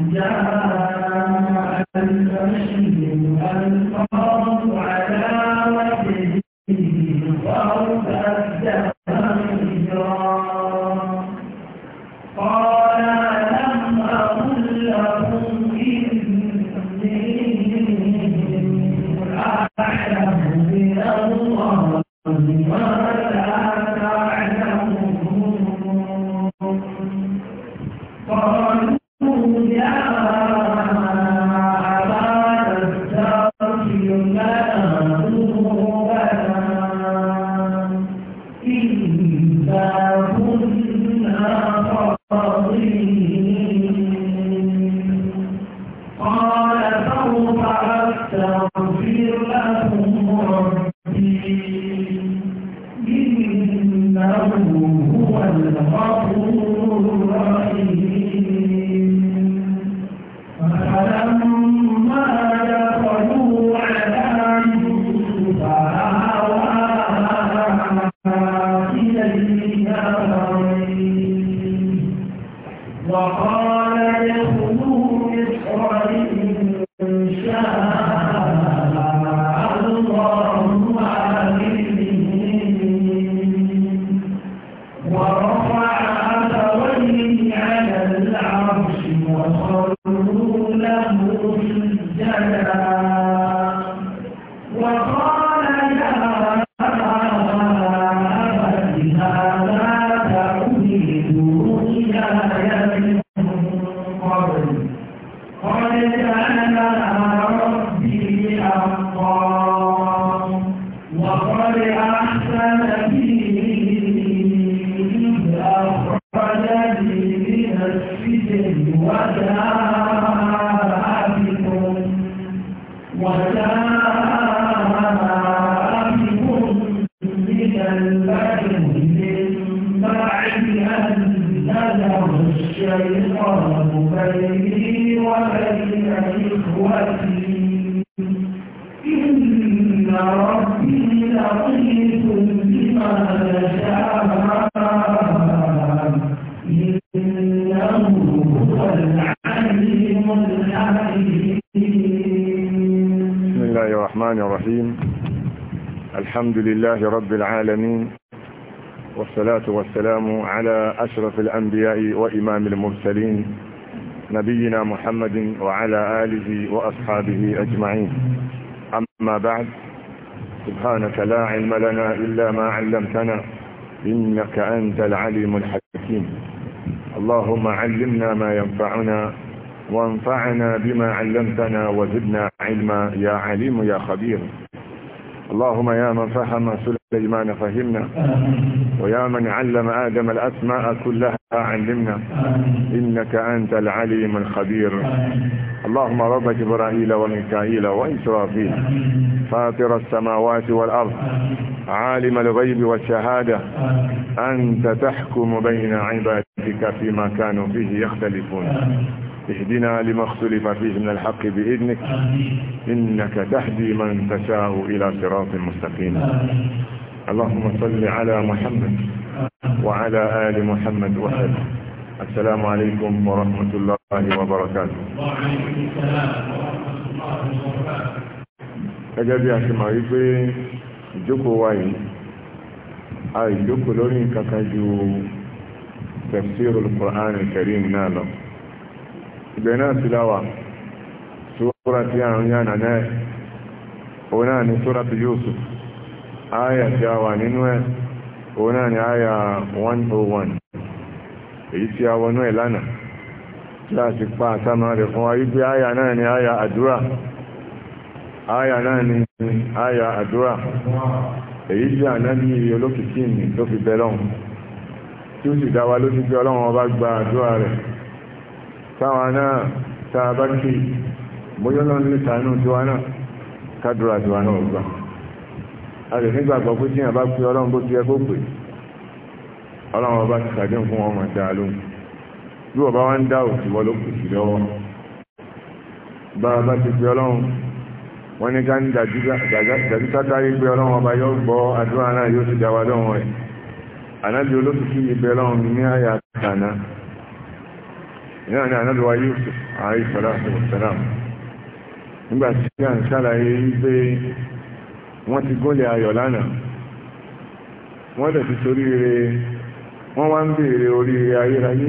جاء الفحي القاضي لله رب العالمين والصلاة والسلام على أشرف الأنبياء وإمام المرسلين نبينا محمد وعلى آله وأصحابه أجمعين أما بعد سبحانك لا علم لنا إلا ما علمتنا إنك أنت العليم الحكيم اللهم علمنا ما ينفعنا وانفعنا بما علمتنا وزدنا علما يا عليم يا خبير اللهم يا من فهم سليمان فهمنا ويا من علم آدم الأسماء كلها علمنا إنك أنت العليم الخبير اللهم رب جبرائيل وميكائيل وإسرافيل فاطر السماوات والأرض عالم الغيب والشهادة أنت تحكم بين عبادك فيما كانوا فيه يختلفون اهدنا لما اختلف فيه من الحق بإذنك إنك تهدي من تشاء إلى صراط مستقيم اللهم صل على محمد وعلى آل محمد وحده السلام عليكم ورحمة الله وبركاته وعليكم السلام ورحمة الله وبركاته gẹ́gẹ́ bí a ṣe máa rí pé ìjókòó wa Igbe náà sí láwà sóra tí a ń yànà náà òun náà ni sóra tí Yusuf áyà tí a wà nínú O òun náà ni 101 èyí tí a wọnú ẹ̀ lánàá tí a sì pa àtàmà rẹ̀ fún wa náà ni áyà àdúrà áyà náà ni áyà àdúrà èyí tí a náà ní olókìkí fi tí ó sì lójú Ọlọ́run gba àdúrà rẹ̀ táwa náà tá a bá kí bóyá lọ́n lè sànú tiwa náà kádùrà tiwa náà gbà a lè nígbàgbọ́ pé tí yàn bá pé ọlọ́run bó ti ẹ kó pè ọlọ́run ọba ti sàdé fún ọmọ ìdá lóhùn bí ọba wá ń dá òsì wọ́n ló kù sí lọ́wọ́ bá ti pé ọlọ́run wọ́n ní ká ń dájú pé ọlọ́run ọba yóò gbọ́ àdúrà náà yóò ti dá lọ́wọ́ ẹ̀ ànájú iná ni ànábíwá Yusuf ààrẹ ìsọ̀lá ṣẹlẹ̀ nígbà tí a ń ṣàlàyé wípé wọ́n ti gólẹ̀ ayọ̀ lánàá wọ́n dẹ̀ ti torí rere wọ́n wá ń béèrè oríire ayérayé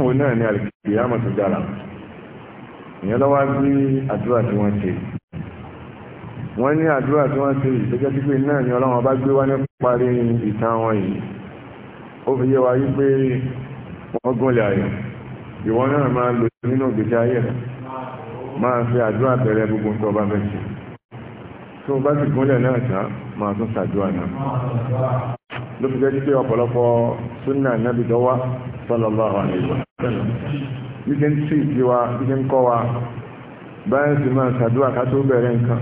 òun náà ni àlùkìkì àmọ̀ tó dára ìyẹn lọ́wọ́ bí àdúrà tí wọ́n ṣe wọ́n ní àdúrà tí wọ́n ṣe ìgbẹ́jẹ́ pípé náà ni ọlọ́run bá gbé wá ní parí ìtàn wọn yìí ó fi yé wa wípé wọ́n gólẹ̀ ayọ̀ ìwọ náà máa lò nínú ìgbésí ayé rẹ̀ máa fi àdúrà bẹ̀rẹ̀ gbogbo tó bá fẹ́ ṣe tó bá ti gúnlẹ̀ náà tán máa tún ṣàdúrà náà ló fi jẹ́ pé ọ̀pọ̀lọpọ̀ súnà nábì tó wá sallallahu alaihi wa sallam bí ṣe ń tì sí wa bí ṣe ń kọ́ wa báyìí sì máa ṣàdúrà ká tó bẹ̀rẹ̀ nǹkan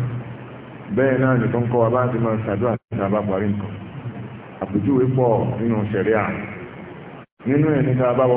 bẹ́ẹ̀ náà nìkan kọ́ wa báyìí sì máa ṣàdúrà ká bá parí nǹkan àpèjúwe nínú ẹ̀ níta bá wọ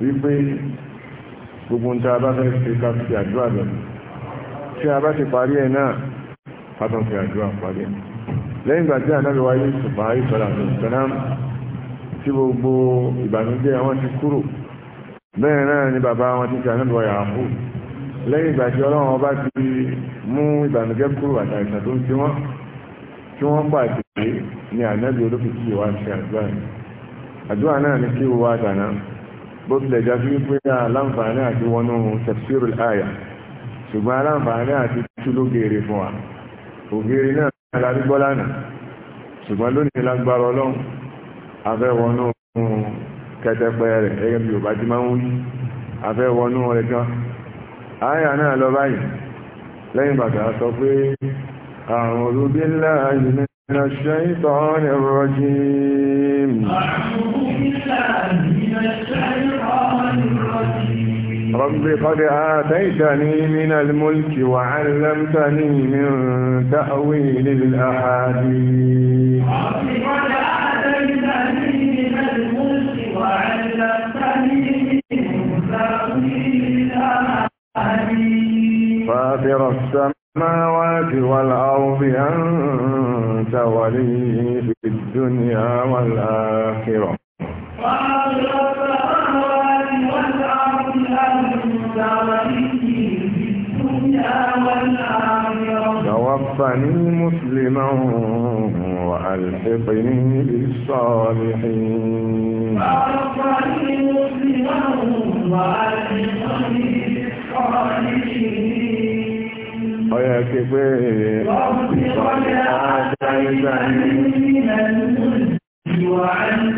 wípé gbogbo ń ta bá fẹ́ ṣe ká fi àdúrà lọ tí a bá ti parí ẹ̀ náà fàtàn fi àdúrà parí ẹ̀ lẹ́yìn ìgbà tí ànábì wáyé ṣùgbọ́n ayé sọ̀rọ̀ àti ìṣẹ̀lá tí gbogbo ìbànújẹ́ wọn ti kúrò bẹ́ẹ̀ náà ni bàbá wọn ti ṣe ànábì wáyé àpò lẹ́yìn ìgbà tí ọlọ́run ọba ti mú ìbànújẹ́ kúrò àtàìsàn tó ń ti wọ́n tí wọ́n pàdé ní ànábì olókìkí ìwà ṣe àdúrà àdúrà náà ni kí wọ́n wá dáná bó tilẹ̀ já sí wípé aláǹfààní àti wọnú tafsir al-aya ṣùgbọ́n aláǹfààní àti tú ló gèrè fún wa ògèrè náà lárúgbọ́ lánàá ṣùgbọ́n lónìí lágbára ọlọ́run afẹ́ wọnú kẹtẹpẹ rẹ̀ ẹgbẹ́ bí òbá ti máa ń wí afẹ́ wọnú rẹ̀ kan aya náà lọ báyìí lẹ́yìn bàtà sọ pé a'udhu billahi minash shaitanir rajim a'udhu billahi رب قد آتيتني من الملك وعلمتني من تأويل الأحاديث قد آتيتني من الملك وعلمتني من تأويل الأحاديث فاطر السماوات والأرض أنت ولي في الدنيا والآخرة توفني مسلما وألحقني بالصالحين توفني مسلما وألحقني بالصالحين ọ̀yà kí pé ọ̀pọ̀ ìpàdé àjẹ́ ìgbà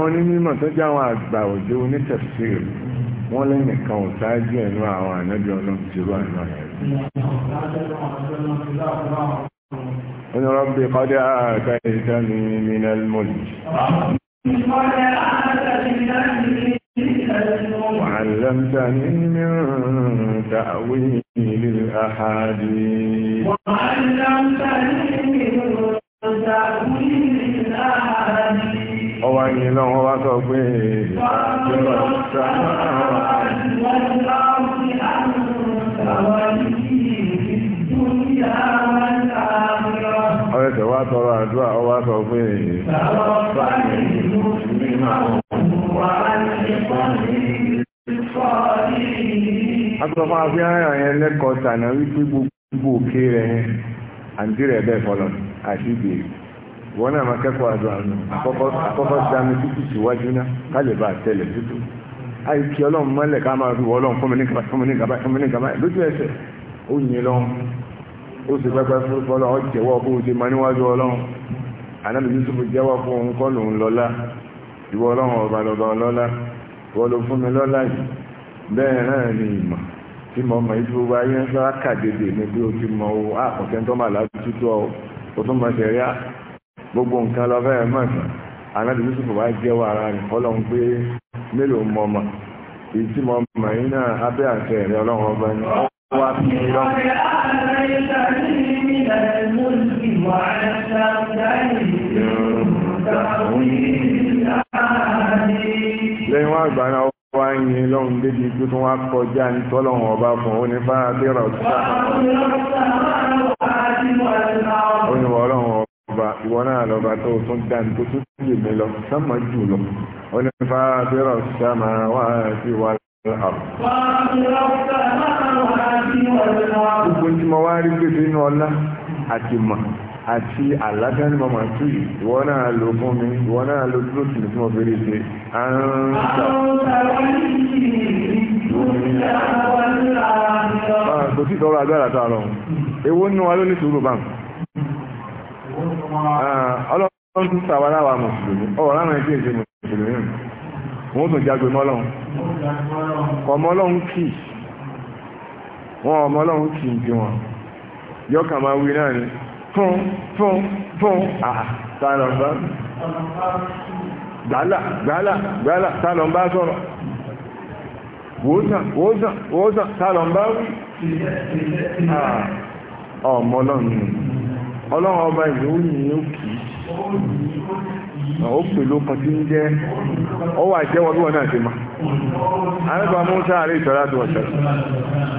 àwọn onímọ̀ tó jẹ́ àwọn àgbà òjò onítẹ̀síìr wọ́n lẹ́nìkan ò sáájú ẹ̀nu àwọn ànábì ọlọ́run ti àná ẹ̀. Inú kọ́dé ààrẹ ìtẹ́ mi mìíràn mọ́lì. وعلمتني من تأويل الأحاديث وعلمتني من تأويل الأحاديث ọwá ní lọ́wọ́ wá sọ pé ọ̀rẹ́sẹ̀ wá tọrọ àdúrà ọwá sọ pé Àtọ́fà fi ara yẹn lẹ́kọ̀ọ́ta wọn náà máa kẹ́kọ̀ọ́ àdó àánú àkọ́kọ́ dami tútù síwájú náà ká lè bá àtẹlẹ̀ tútù àyè kí ọlọ́run mọ́lẹ̀ ká máa fi wọ́ ọlọ́run fún mi ní kaba fún mi ní kaba fún mi ní kaba lójú ẹsẹ̀ ó yin lọ́run ó sì pẹ́pẹ́ fún ọlọ́run ó jẹ́wọ́ bó ṣe máa níwájú ọlọ́run ànábi Yusuf jẹ́wọ́ bẹ́ẹ̀ náà ni ìmọ̀ tí mo mọ̀ ìdúró wa yẹn sọ́ra kàdédé mi bí o ti mọ̀ o àkọ́kẹ́ tó o tún mọ̀ sẹ́ríà gbogbo nǹkan lọ fẹ́ mọ̀ sí anábì yusuf wá jẹ́wọ́ ara rẹ̀ fọ́lọ́ ń pé mélòó mọ mọ̀ èyí tí mo mọ̀ yín náà abẹ́ àṣẹ rẹ̀ ọlọ́run ọba ni wá fi lọ. lẹ́yìn wá gbà náà wá ń yin lọ́hùn débi tó tún wá kọjá ní tọ́lọ́hùn ọba fún òun ní fáadé rọ̀ sí ó ní wọ́n ọlọ́run ọba ìwọ náà lọ́ba tó tún dáni tó tún lè mí lọ sánmà jù lọ ó ní fàábírọ̀ sámà wá sí wà Gbogbo tí mo wá rí gbèsè inú ọlá àti mọ̀ àti àládá ní mọ̀mọ̀ tó yìí, ìwọ náà fún mi, ìwọ náà dúró sí fún obìnrin ṣe. Àrùn sọ̀rọ̀. Kò sí tọrọ agbára tó àrọ̀. Èwo nínú wa ló ní sùúrù báńkì? ọlọ́run tún tàwa láwa mùsùlùmí ọwọ́ láwọn ẹgbẹ́ ìṣe mùsùlùmí wọn ó tún jágbe mọ́lọ́run ọmọlọ́run kì wọn ọmọlọ́run kì í bí wọn yọkà máa wí náà ni fún fún fún àtàlọ́ bá gbálà gbálà gbálà tàlọ́ bá sọ̀rọ̀ wòótàn wòótàn wòótàn tàlọ́ bá wí ọmọlọ́run ọlọ́run ọba ìlú yìí ó kì í ó pè ló kan tí ń jẹ́ ọwọ́ àjẹwọ́ bí wọ́n náà ti mọ̀ àrẹ́bà Musa àrẹ ìtọ́lá tó ọ̀sẹ̀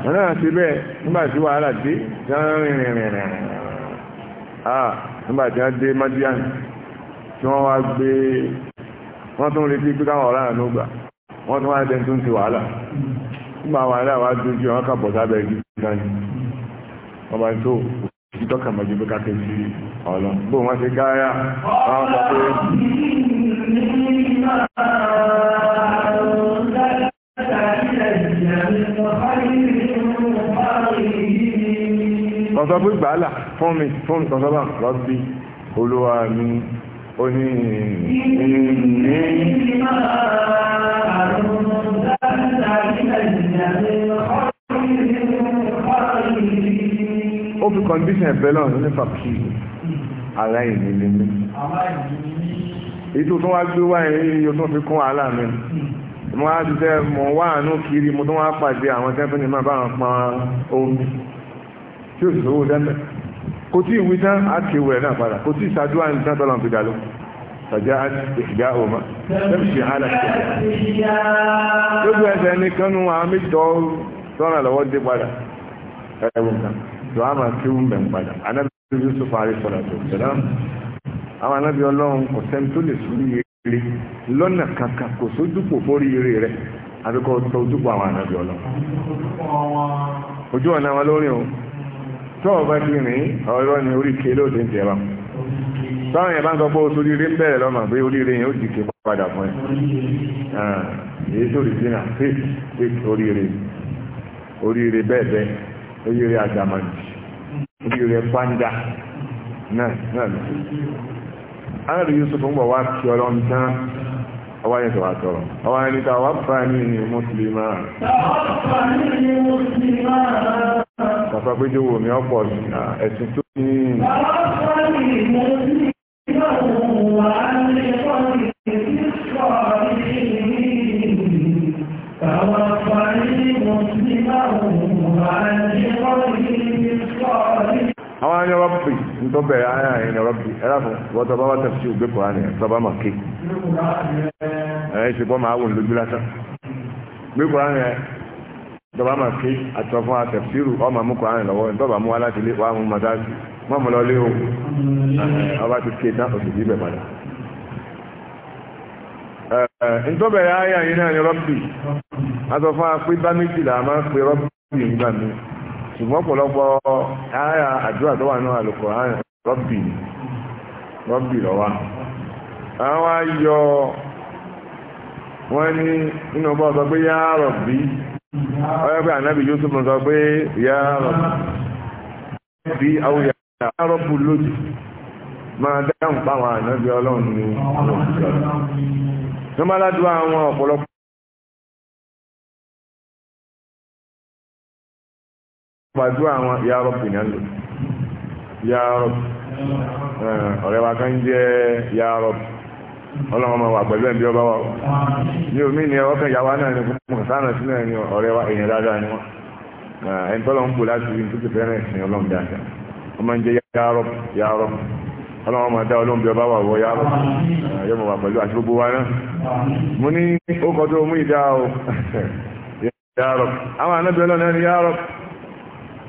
wọn náà ti bẹ́ẹ̀ nígbà tí wàhálà dé tí wọ́n rìn rìn rìn rìn ah nígbà tí wọ́n dé Madian tí wọ́n wá gbé wọ́n tún retí pé káwọn ọ̀rá àánú gbà wọ́n tún wá ẹ̀dẹ̀ tó ń ti wàhálà nígbà wàhálà wá dójú wọn kà bọ̀ sábẹ́ ìgbìyànjú ọba tó ìtọ́ka mọ̀jú pé sí ọ̀lọ́ bó wọ́n ṣe gáyà wọ́n sọ pé kọ̀sọ́ pé gbàálà fún mi fún kọ̀sọ́ bá rọ́bí olúwa mi ó ní ìrìnlẹ́ fi kọndíṣẹ̀ bẹ́lọ̀ ní fàkì aláìní ní mí èyí tó wá gbé wá yìí yóò tún fi kún wàhálà mi mo wá ti tẹ́ mọ̀ wá àánú kiri mo tún wá pàdé àwọn tẹ́fẹ́ ní máa bá wọn pọn omi tí ó sì lówó tẹ́fẹ́ kò tí ìwé tán á kéwò ẹ̀ náà padà kò tí ìṣàdúrà ní tán tọ́lọ̀ fi dà lóko fàjáàt ìdáhùnmá lẹ́bùsì alàṣẹ́lẹ̀. lójú ẹsẹ̀ nìkan nù àwọn méjì tọ́ tọ́ràn lọ́wọ́ dé padà ẹ̀wọ̀n kan tó a máa fi ń bẹ̀ ń padà anábì Yusuf àrísọ̀rọ̀ àti òṣèlám àwọn anábì ọlọ́run kò sẹ́ni tó lè sórí ire lọ́nà kankan kò sójúpò fórí ire rẹ̀ àbíkọ́ tó ojúpò àwọn anábì ọlọ́run ojú ọ̀nà wọn lórí o tó ọba ti rìn ọ̀rọ̀ ni orí ke lóde ń tẹ̀ bá báwọn yẹn bá ń sọ pé oṣù rírì ń bẹ̀rẹ̀ lọ́mọ pé oríire yẹn ó di ké padà fún ẹ ah, èyí tó rí sí náà fèsì oríire oríire bẹ́ẹ̀ bẹ́ẹ̀ orí rẹ̀ àjàmàjì orí rẹ̀ pàǹdà náà náà lọ anáàrí Yusuf ń bọ̀ wá kí ọlọ́run tán ọwá yẹn tọ̀wá tọ̀rọ̀ ọwá yẹn níta wà fà ní ní mùsùlùmá tàfà péjọ wò mí ọ̀pọ̀ ẹ̀sìn tó rọ́bì ntọ́bẹ̀ ayà yẹn ní rọ́bì ẹ̀rọ fún wọ́tọ̀ bá wà tẹ̀ sí ògbé kọ́ra ni tọ́ba mà ké ẹ̀ ṣe bọ́ máa wò lójú lásán gbé kọ́ra ni tọ́ba mà ké àtọ́fún àtẹ̀síru ọmọ mú kọ́ra ni lọ́wọ́ ntọ́ba mú wa láti lé wa mú masáàsì mọ́ mọ́ lọ́lé o ọba ti ké tán òsì bíbẹ̀ padà. ntọ́bẹ̀ ayà yẹn náà ní rọ́bì àtọ́fún apẹ́ bá méjìlá máa ń pe rọ́bì ṣùgbọ́n pọ̀lọpọ̀ ara àdúrà tó wà náà Al-Qur'an rọ́bì rọ́bì lọ́wà àwọn ayọ̀ wọ́n ní inú ọba sọ pé yá rọ̀bì ọyọ́ pé ànábì Yusuf sọ pé yá rọ̀bì àwòyà yá rọ̀bù lójú máa dáhùn páwọn ànábì ọlọ́run ní ọ̀pọ̀lọpọ̀ gbàdúrà àwọn yàrá pìnyàn lò yàrá eh, ọ̀rẹ́ wa kan jẹ́ yàrá ọlọ́run ọmọ wà pẹ̀lú ẹ̀bí ọba wa ní omi ni ọkàn ìyàwó náà ni fún sáànà sílẹ̀ ni ọ̀rẹ́ wa èèyàn dáadáa ni wọ́n eh, ẹni tọ́lọ́ ń bò láti rí nítorí fẹ́rẹ̀ ẹ̀sìn ọlọ́run dáadáa wọ́n máa ń jẹ́ yàrá yàrá ọlọ́run ọmọ dá ọlọ́run bí ọba wà wọ yàrá eh, yọmọ wà pẹ̀lú àti gbogbo wa náà mo ní ó kọ́ tó mú ìdá o yàrá àwọn anábìọ́lọ́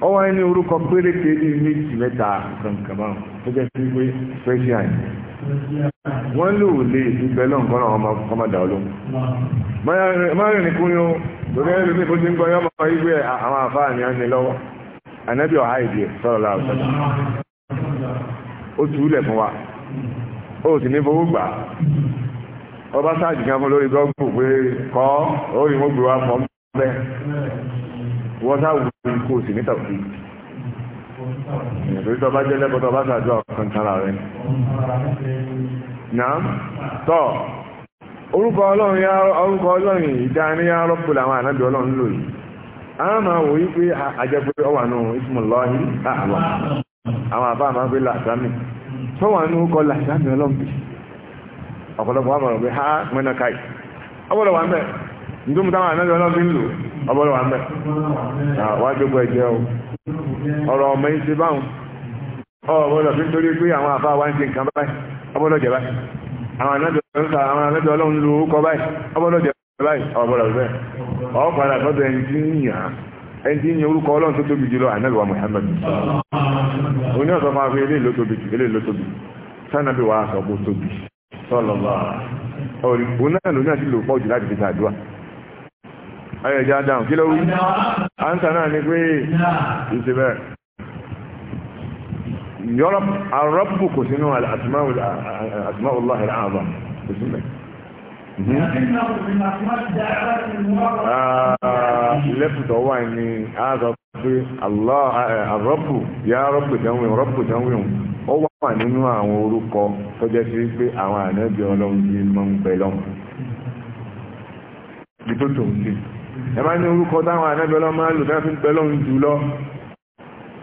ó ẹni orúkọ méjì mẹ́ta kankanmá jẹ́ sí pé fẹ́ṣíà ni wọ́n lò lè ìgbẹ́ lọ́nkọ́ náà ọmọ ọmọdà ní o lórí ẹ̀rọ mi bó ń gbọ́ àwọn àfáà a lọ́wọ́ ànábì ọ̀há ìdí ẹ̀ sọ̀rọ̀ ó fún wa ó sì ní fowó gbà ọba fún lórí pé kọ́ ó rí fọ́ bẹ́ẹ̀ wọ́n sáwù kó o sì ní tàbí tó bá jẹ́ lẹ́kọ̀ọ́ tó bá ṣàdúrà ọ̀kan tara rẹ̀ náà tọ́ orúkọ ọlọ́run ya orúkọ ọlọ́run ìdáni yá rọ́pù làwọn ọlọ́run lò a máa wò yí pé àjẹpẹ́ ọwà nù àwọn àbá nítorí mo táwọn àmẹ́lẹ́ ọlọ́bí ń lò ọbọ̀lọ́ wa mẹ́ wá gbogbo ẹ̀jẹ̀ o ọ̀rọ̀ ọmọ yìí ti báwọn ọbọ̀lọ́ fi ń torí pé àwọn àfa wa ń ṣe nǹkan báyìí ọbọ̀lọ́ jẹ báyìí àwọn àmẹ́lẹ́ ọlọ́run lo orúkọ báyìí ọbọ̀lọ́ jẹ báyìí ọbọ̀lọ́ bẹ́ẹ̀ ọ̀pàdà sọ́dọ̀ ẹni tí ń yàn ẹni tí ń yan orúkọ ọlọ́run tó tóbi jùlọ ànábì wa Muhammad oní ọ̀sán máa fi eléyìí ló tóbi eléyìí ló tóbi sanabi wa sọ pé tóbi sọlọ bá orí òun náà àti lò jù láti fi ṣàdúrà ayọ̀ ìjà dáhùn kí ló wí ánsà náà ni pé ìṣe bẹ́ẹ̀ yọ́rọ̀ arọ́pù kò sínú àtìmáwòláhì àbá kò sí mẹ́ ah, lẹ́fùtọ̀ wà ní àzọ pé arọ́pù yá rọ́pù tẹ́wìn rọ́pù tẹ́wìn ó wà nínú àwọn orúkọ tó jẹ́ sí pé àwọn ànábì ọlọ́run yìí mọ́ ń pẹ̀lọ́mù ẹ máa ní orúkọ táwọn anábẹ́lọ́ máa lò náà fi ń bẹ́lọ́ ń jù lọ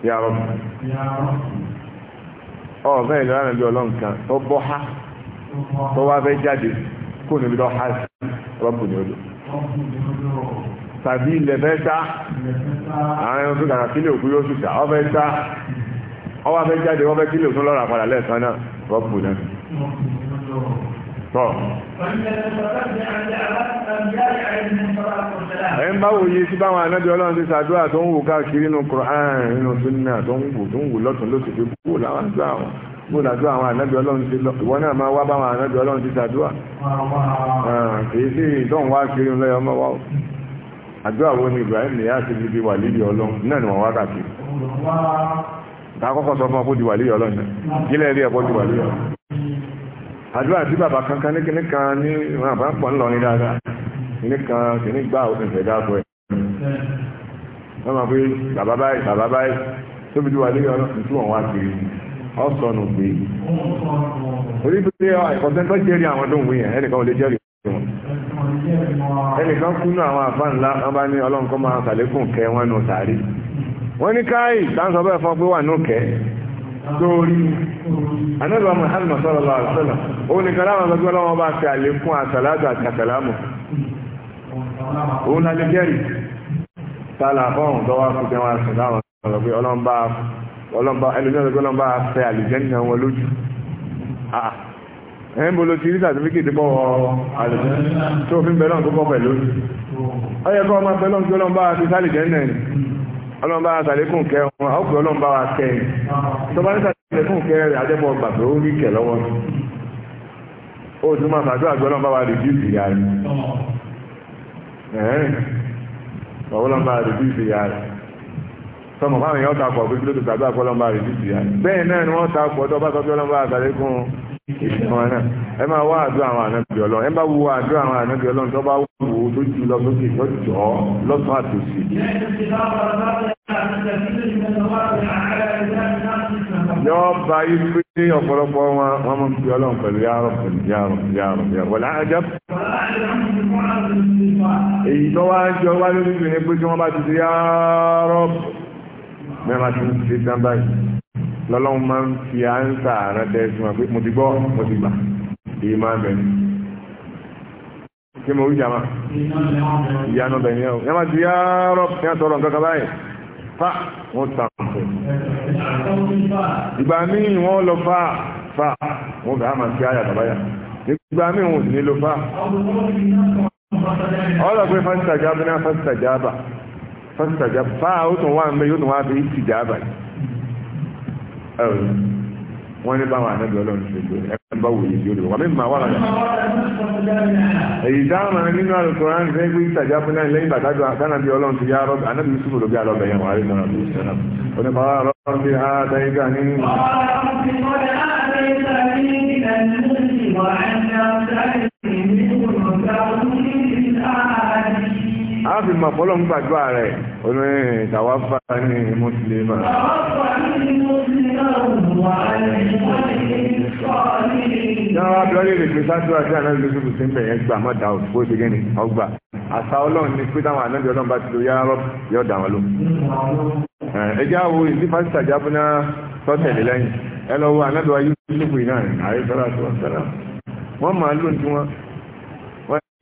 yàrá ọ̀fẹ́ ìlú ànàbí ọlọ́run kan tó bọ́ ha tó wá fẹ́ jáde kó níbi lọ ha sí rọ́bù ní odò tàbí ilẹ̀ fẹ́ sá àwọn ẹni tó kàkà kílè òkú yóò sùtà ọ fẹ́ sá ọ wá fẹ́ jáde wọ́n fẹ́ kílè òkú lọ́ra padà lẹ́ẹ̀kan náà rọ́bù náà tọ́ ẹ ń bá wòye sí báwọn anájọ ọlọ́run ti ṣàdúrà tó ń wò káàkiri nínú Qur'an nínú sunna tó ń wò tó ń wò lọ́tún lóṣù tó kúrò láwọn àdúrà wọn kúrò ládùúrà àwọn anájọ ọlọ́run ti lọ ìwọ náà máa wá báwọn anájọ ọlọ́run ti ṣàdúrà ah, kìí sí ìtọ́hún wá kiri ń lọ́yọ̀ ọmọ wa ó àdúrà wo ni Ibrahim nìyá ti fi di wàlíì ọlọ́run náà ni wọ́n wá káàkiri àdúrà tí bàbá kankan ní kíní kan ní bàbá pọ̀ ń lọ ní dáadáa kíní kan kíní gbà òṣèṣẹ̀ dáàbò ẹ̀ wọ́n máa pé bàbá báyìí bàbá báyìí tóbi tí wà lórí ọ̀nà tí wọ́n wá kiri ọ̀sọ̀nù pé orí pé ọ̀sẹ̀ntọ́ jẹ́rìí àwọn tó ń wí yẹn ẹnìkan ò lè jẹ́rìí wọn ẹnìkan kú nú àwọn àfa ńlá wọn bá ní ọlọ́run máa sàlékùn kẹ́ wọn nù sàárì wọ́n ní káyì torí anábà Muhammad sallallahu alaihi wasallam òun nìkan láwọn ọmọ gbọ́dọ̀ wọn bá fi àlékún àsàlátù àti àsàlámù òun lálẹ́ jẹ́rì tààlà fọ́ọ̀hún tó wá fún tẹ́wọ́n àsàlámù ọ̀gbẹ́ ọlọ́mbà ọlọ́mbà ẹlòmíràn gbọ́dọ̀ wọn bá fẹ́ àlùjànnà wọn lójú ẹ̀ ń bolo ti rí sàtífíkìtì bọ́ àlùjànnà tó fi ń bẹ̀rẹ̀ ọ̀gbọ́n pẹ̀lú ọlọ́mbà àtàlékùn kẹ wọn ọkùnrin ọlọ́mbà wa kẹ ẹ tó bá ní sàtàlékùn kẹ rẹ àjẹpọ̀ gbà pé ó rí kẹ lọ́wọ́ ó tún máa fàdúrà àgbẹ̀ ọlọ́mbà wa rìdí ìfìyà rẹ ọwọ́ ọlọ́mbà rìdí ìfìyà rẹ sọmọ fáwọn èèyàn takọ̀ pé kí ló ti tàbí àpọ̀ ọlọ́mbà rìdí ìfìyà rẹ bẹ́ẹ̀ náà ni wọn ẹ máa wá àdúrà àwọn ànábì ọlọ́run ẹ bá wo àdúrà àwọn ànábì ọlọ́run tó bá wò ó tó jù lọ sókè lọ́jọ́ lọ́tún àtòsí. yọ bá yí pé ọ̀pọ̀lọpọ̀ wọn wọn mọ̀ sí ọlọ́run pẹ̀lú yàrá pẹ̀lú yàrá yàrá yàrá wọlé èyí tó wá ń jọ wá lórí ìgbìyànjú pé tí wọ́n bá ti di yàrá mẹ́rin ti ń ṣe tán lọ́lọ́run máa ń fi áńsà àrántẹ́ sí wọn pé mo ti gbọ́ mo ti gbà èyí máa ń bẹ̀rẹ̀ kí mo rí jàmá ìyanu bẹ̀rẹ̀ yẹn o yẹn máa ti yá rọ ní àtọ̀rọ̀ nǹkan kan báyìí fa wọn ta ọ̀pẹ̀ ìgbà míì wọn lọ fa fa wọn kà á máa fi àyà bàbáyà nígbà míì wọn ò sì ní lo fa ọ̀rọ̀ pé fásitì àjábá ní fásitì àjábá fásitì àjábá fa ó tún wà ń bẹ yóò tún wá fi ìtìjábá ẹ̀rùn wọ́n ní báwọn ànábì ọlọ́run ṣe lò ẹ̀kọ́ bá wòye yóò lò wà mí máa wà lọ́dọ̀. èyí dáhùn àwọn nínú àlùkò rán ṣe gbé ìtajà fún náà lẹ́yìn bàtà jọ àtànàbí ọlọ́run ti yá rọ́bì ànábì yusuf ló bí alọ́bẹ̀ yẹn wàhálì náà ló ṣe náà. ó ní bàbá rọ́bì àdáyíká ní. ọ̀rọ̀ a fi mọ̀ pọ́lọ̀ ń gbàdúrà rẹ̀ oní ìtàwáfà ní mùsùlùmí. Yáwá Abdullahi lè fi sáájú àti àná lóṣù tó ti ń bẹ̀yẹn gbà mọ́ dà òṣùpọ̀ ṣe gẹ́ni ọgbà. Àṣà ọlọ́run ni pé táwọn ànábì ọlọ́run bá ti lo yá rọ́ yóò dà wọn ló. Ẹjẹ́ àwo ìdí pásítà jábúná tọ́tẹ̀lé lẹ́yìn. Ẹ lọ wo ànábì máa lóun tí wọ́n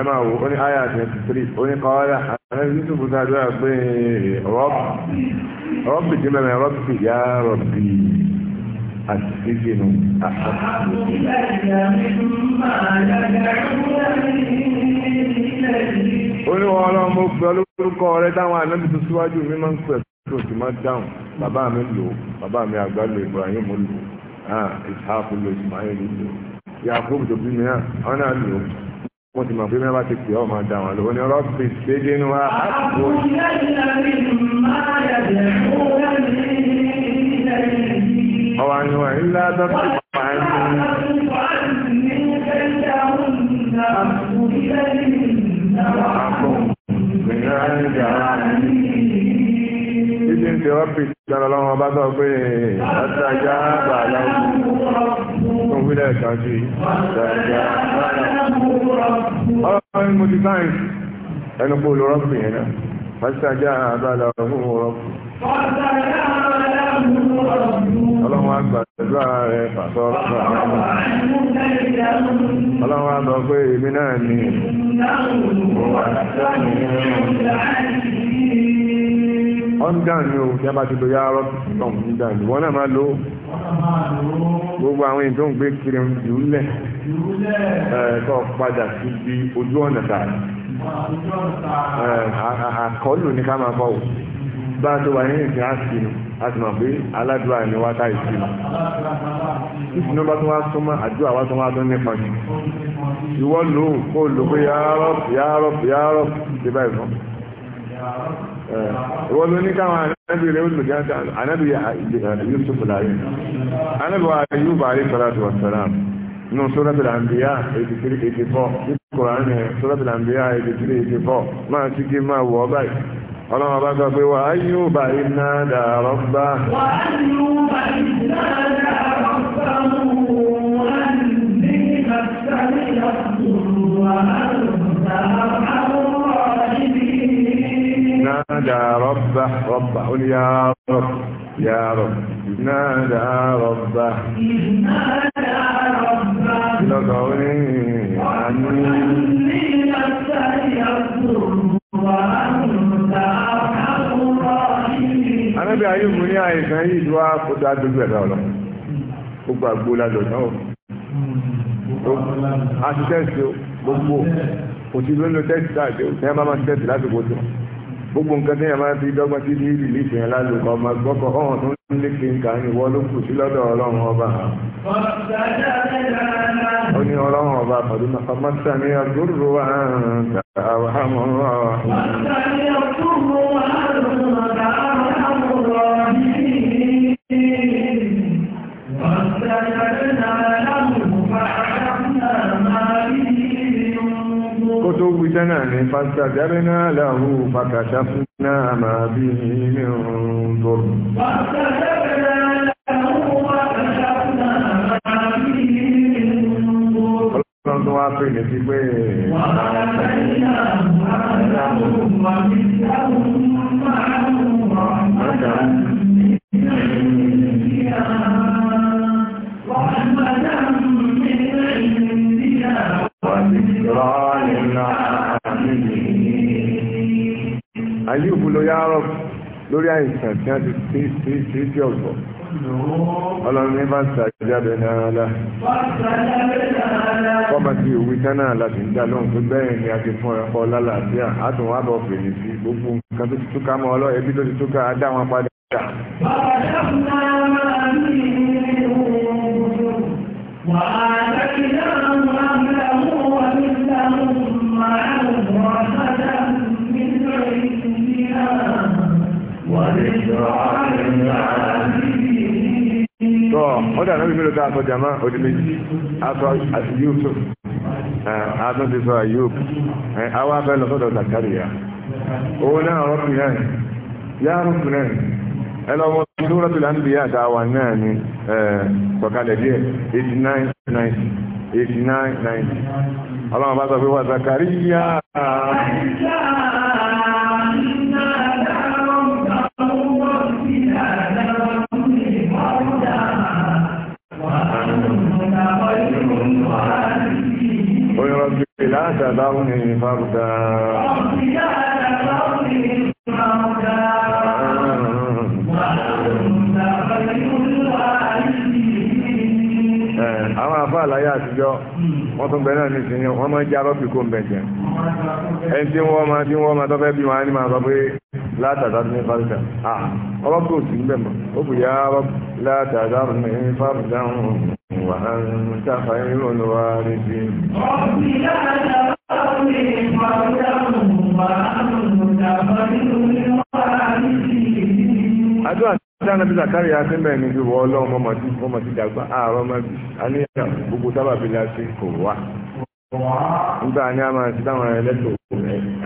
ẹ máa wò ó ní àyà 23 ó ní kọ́ọ́lá àrẹ́sì yusuf sàdúrà pé rọ́bì tí mẹ́rin rọ́bì yá rọ́bì àti fífi nù ó ní wọn ọlọ́run mo gbọ́ lórúkọ rẹ táwọn ànábì tó síwájú mi máa ń pẹ̀ tó ti máa dáhùn bàbá mi lò bàbá mi àgbà lò Ibrahim lò ìsáàkú ah, lò Ismail lò Yakubu tó bí mi náà ọ̀nà lò wọ́n ti mọ̀ pé mẹ́wàá ti pè ọ́ máa dá wọn lọ́wọ́ ní rọ́bì ṣéjé ní wá. ọwọ́ ni wọ́n ń lá dọ́kítà máa ń Ilé ń tẹ ọ́pì ìjọba lọ́wọ́ bá sọ pé ọ̀tá ajá bàálà ọ̀gbìn wí lẹ́ẹ̀kan sí ọlọ́run mo ti sáyẹn ẹnu kó lọ rọ́pù yẹn náà pàṣípàjá àbálà ọ̀hún rọ́pù ọlọ́run àgbàdúrà rẹ̀ pàṣọ ọlọ́run àwọn ọlọ́run àbọ̀ pé èmi náà ni ọ̀ndà ni o tí a bá ti lo yá rọ́ tuntun náà nígbà ni wọ́n náà máa lo gbogbo àwọn èyí tó ń gbé kiri ń jù ú lẹ̀ ẹ̀ẹ́dọ́ padà síbi ojú ọ̀nà tààrà àkọlù ní ká máa bọ̀wọ̀ bá tó wà nínú ìsìn àṣìnú a ti mọ̀ pé aládùúrà ni wá tá ìsìn ìsìn bá tó wá súnmọ́ àdúrà wá tó wá tó nípa jù ìwọ lòun kó lò pé yàrá rọ̀ yàrá rọ̀ yàrá rọ̀ ṣe báyìí fún Eh, wọ́n ló ní káwọn anábì rẹ̀ ó lòjá ta anábì eh, Yusuf láyé anábì wa Yusuf àrí sọ́látù wasalam nù suratul anbiya 83-84 ní kòránì suratul 83-84 máa ti kí máa wọ́ báyìí ọlọ́run ọba sọ pé wà á yóò bá iná dàrọ́ bá wà á yóò bá iná dàrọ́ bá نادى ربه ربه قل يا رب يا رب نادى ربه نادى ربه لقوني عني Anábí ayé mú ní àìsàn yìí tó wá kó dá gbogbo ẹ̀dá ọ̀lọ́. Ó gba gbó lálọ́ náà. A ti tẹ́sì gbogbo. Kò sí lónìí tẹ́sì láti ó. Ní a máa máa tẹ́sì láti gbogbo gbogbo nǹkan tí yẹn máa fi dọ́gba sí ní rìlífì yẹn lálùkọ ọmọ gbọ́kọ̀ ọ̀hún tó ń lé kínkà ní wọ́n ló kù sí lọ́dọ̀ ọlọ́run ọba ó ní ọlọ́run ọba pàdé mọ́tà ní agbóró wa ń ta àwọn àmọ́ ọ̀hún. iṣẹ́ náà ní fásitàjábẹ́ náà láhù pàkàṣà fún náà máa bí ní ọ̀rùn tọrọ. ọlọ́run tó wá pè ní sí pé Wàhálà àyùbù ló yá rọ̀ lórí àìsàn tí wọ́n ti sí sí sí ọ̀gbọ̀n ọlọ́run ní bá ń sàjáde náà lá kọ́mà tí òwe tánà láti ń dá lóhùn pé bẹ́ẹ̀ ni a ti fún ẹ̀kọ́ lálàáfíà á tún wá bọ̀ fèrè sí gbogbo nǹkan tó ti túká mọ́ ọlọ́ ẹbí tó ti túká á dá wọn padà. wàhálà kìí náà tọ́ ọdá náà mímẹ́lò tá àtọ́ jama odìmẹ́jì àtọ́ Yusuf àtọ́ ti sọ Ayub àwọn afẹ́ lọ́sọ́dọ̀ Zakaria owó náà rọ́pì náà yá rọ́pì náà ẹlọ́wọ́ Suratul Anbiya àtàwà náà ni sọ̀kalẹ̀ díẹ̀ 89 89 90 ọlọ́run bá sọ pé wà Zakaria لا تذرني فردا wà láyé àtijọ́ wọ́n tún bẹ̀rẹ̀ ní ìsinyìí wọ́n máa jẹ́ arọ́bì kó ń bẹ̀ jẹ́ ẹni tí wọ́n máa tí wọ́n máa tọ́fẹ́ bí wọ́n á ní máa sọ pé látàdá ní fárídà ah ọlọ́ kò sí níbẹ̀ mọ́ ó kù yá látàdá ní fárídà wà á ń tàfà irú olùwárí sí. ọ̀sìn látàdá ní fárídà wà á sáà bí zakari àti mbẹ ní ju wọ́ọ́ lọ́wọ́ mọ́mọ́ tí mọ́mọ́ tí dàgbà àárọ̀ má gbogbo sábà bí kò wá. nígbà ní a máa ti dáwọn ẹlẹ́tọ̀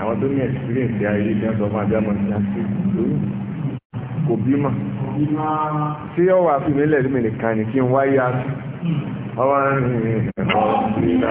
àwọn tó ní ẹ̀sìpírẹ̀nsì ayé ní ọ̀sán fún abẹ́ àmọ́sí àti ìlú kò bí mọ̀. tí wà fún mi mi kí n wáyé a tún. ọwọ́ ní ẹ̀kọ́ ìlú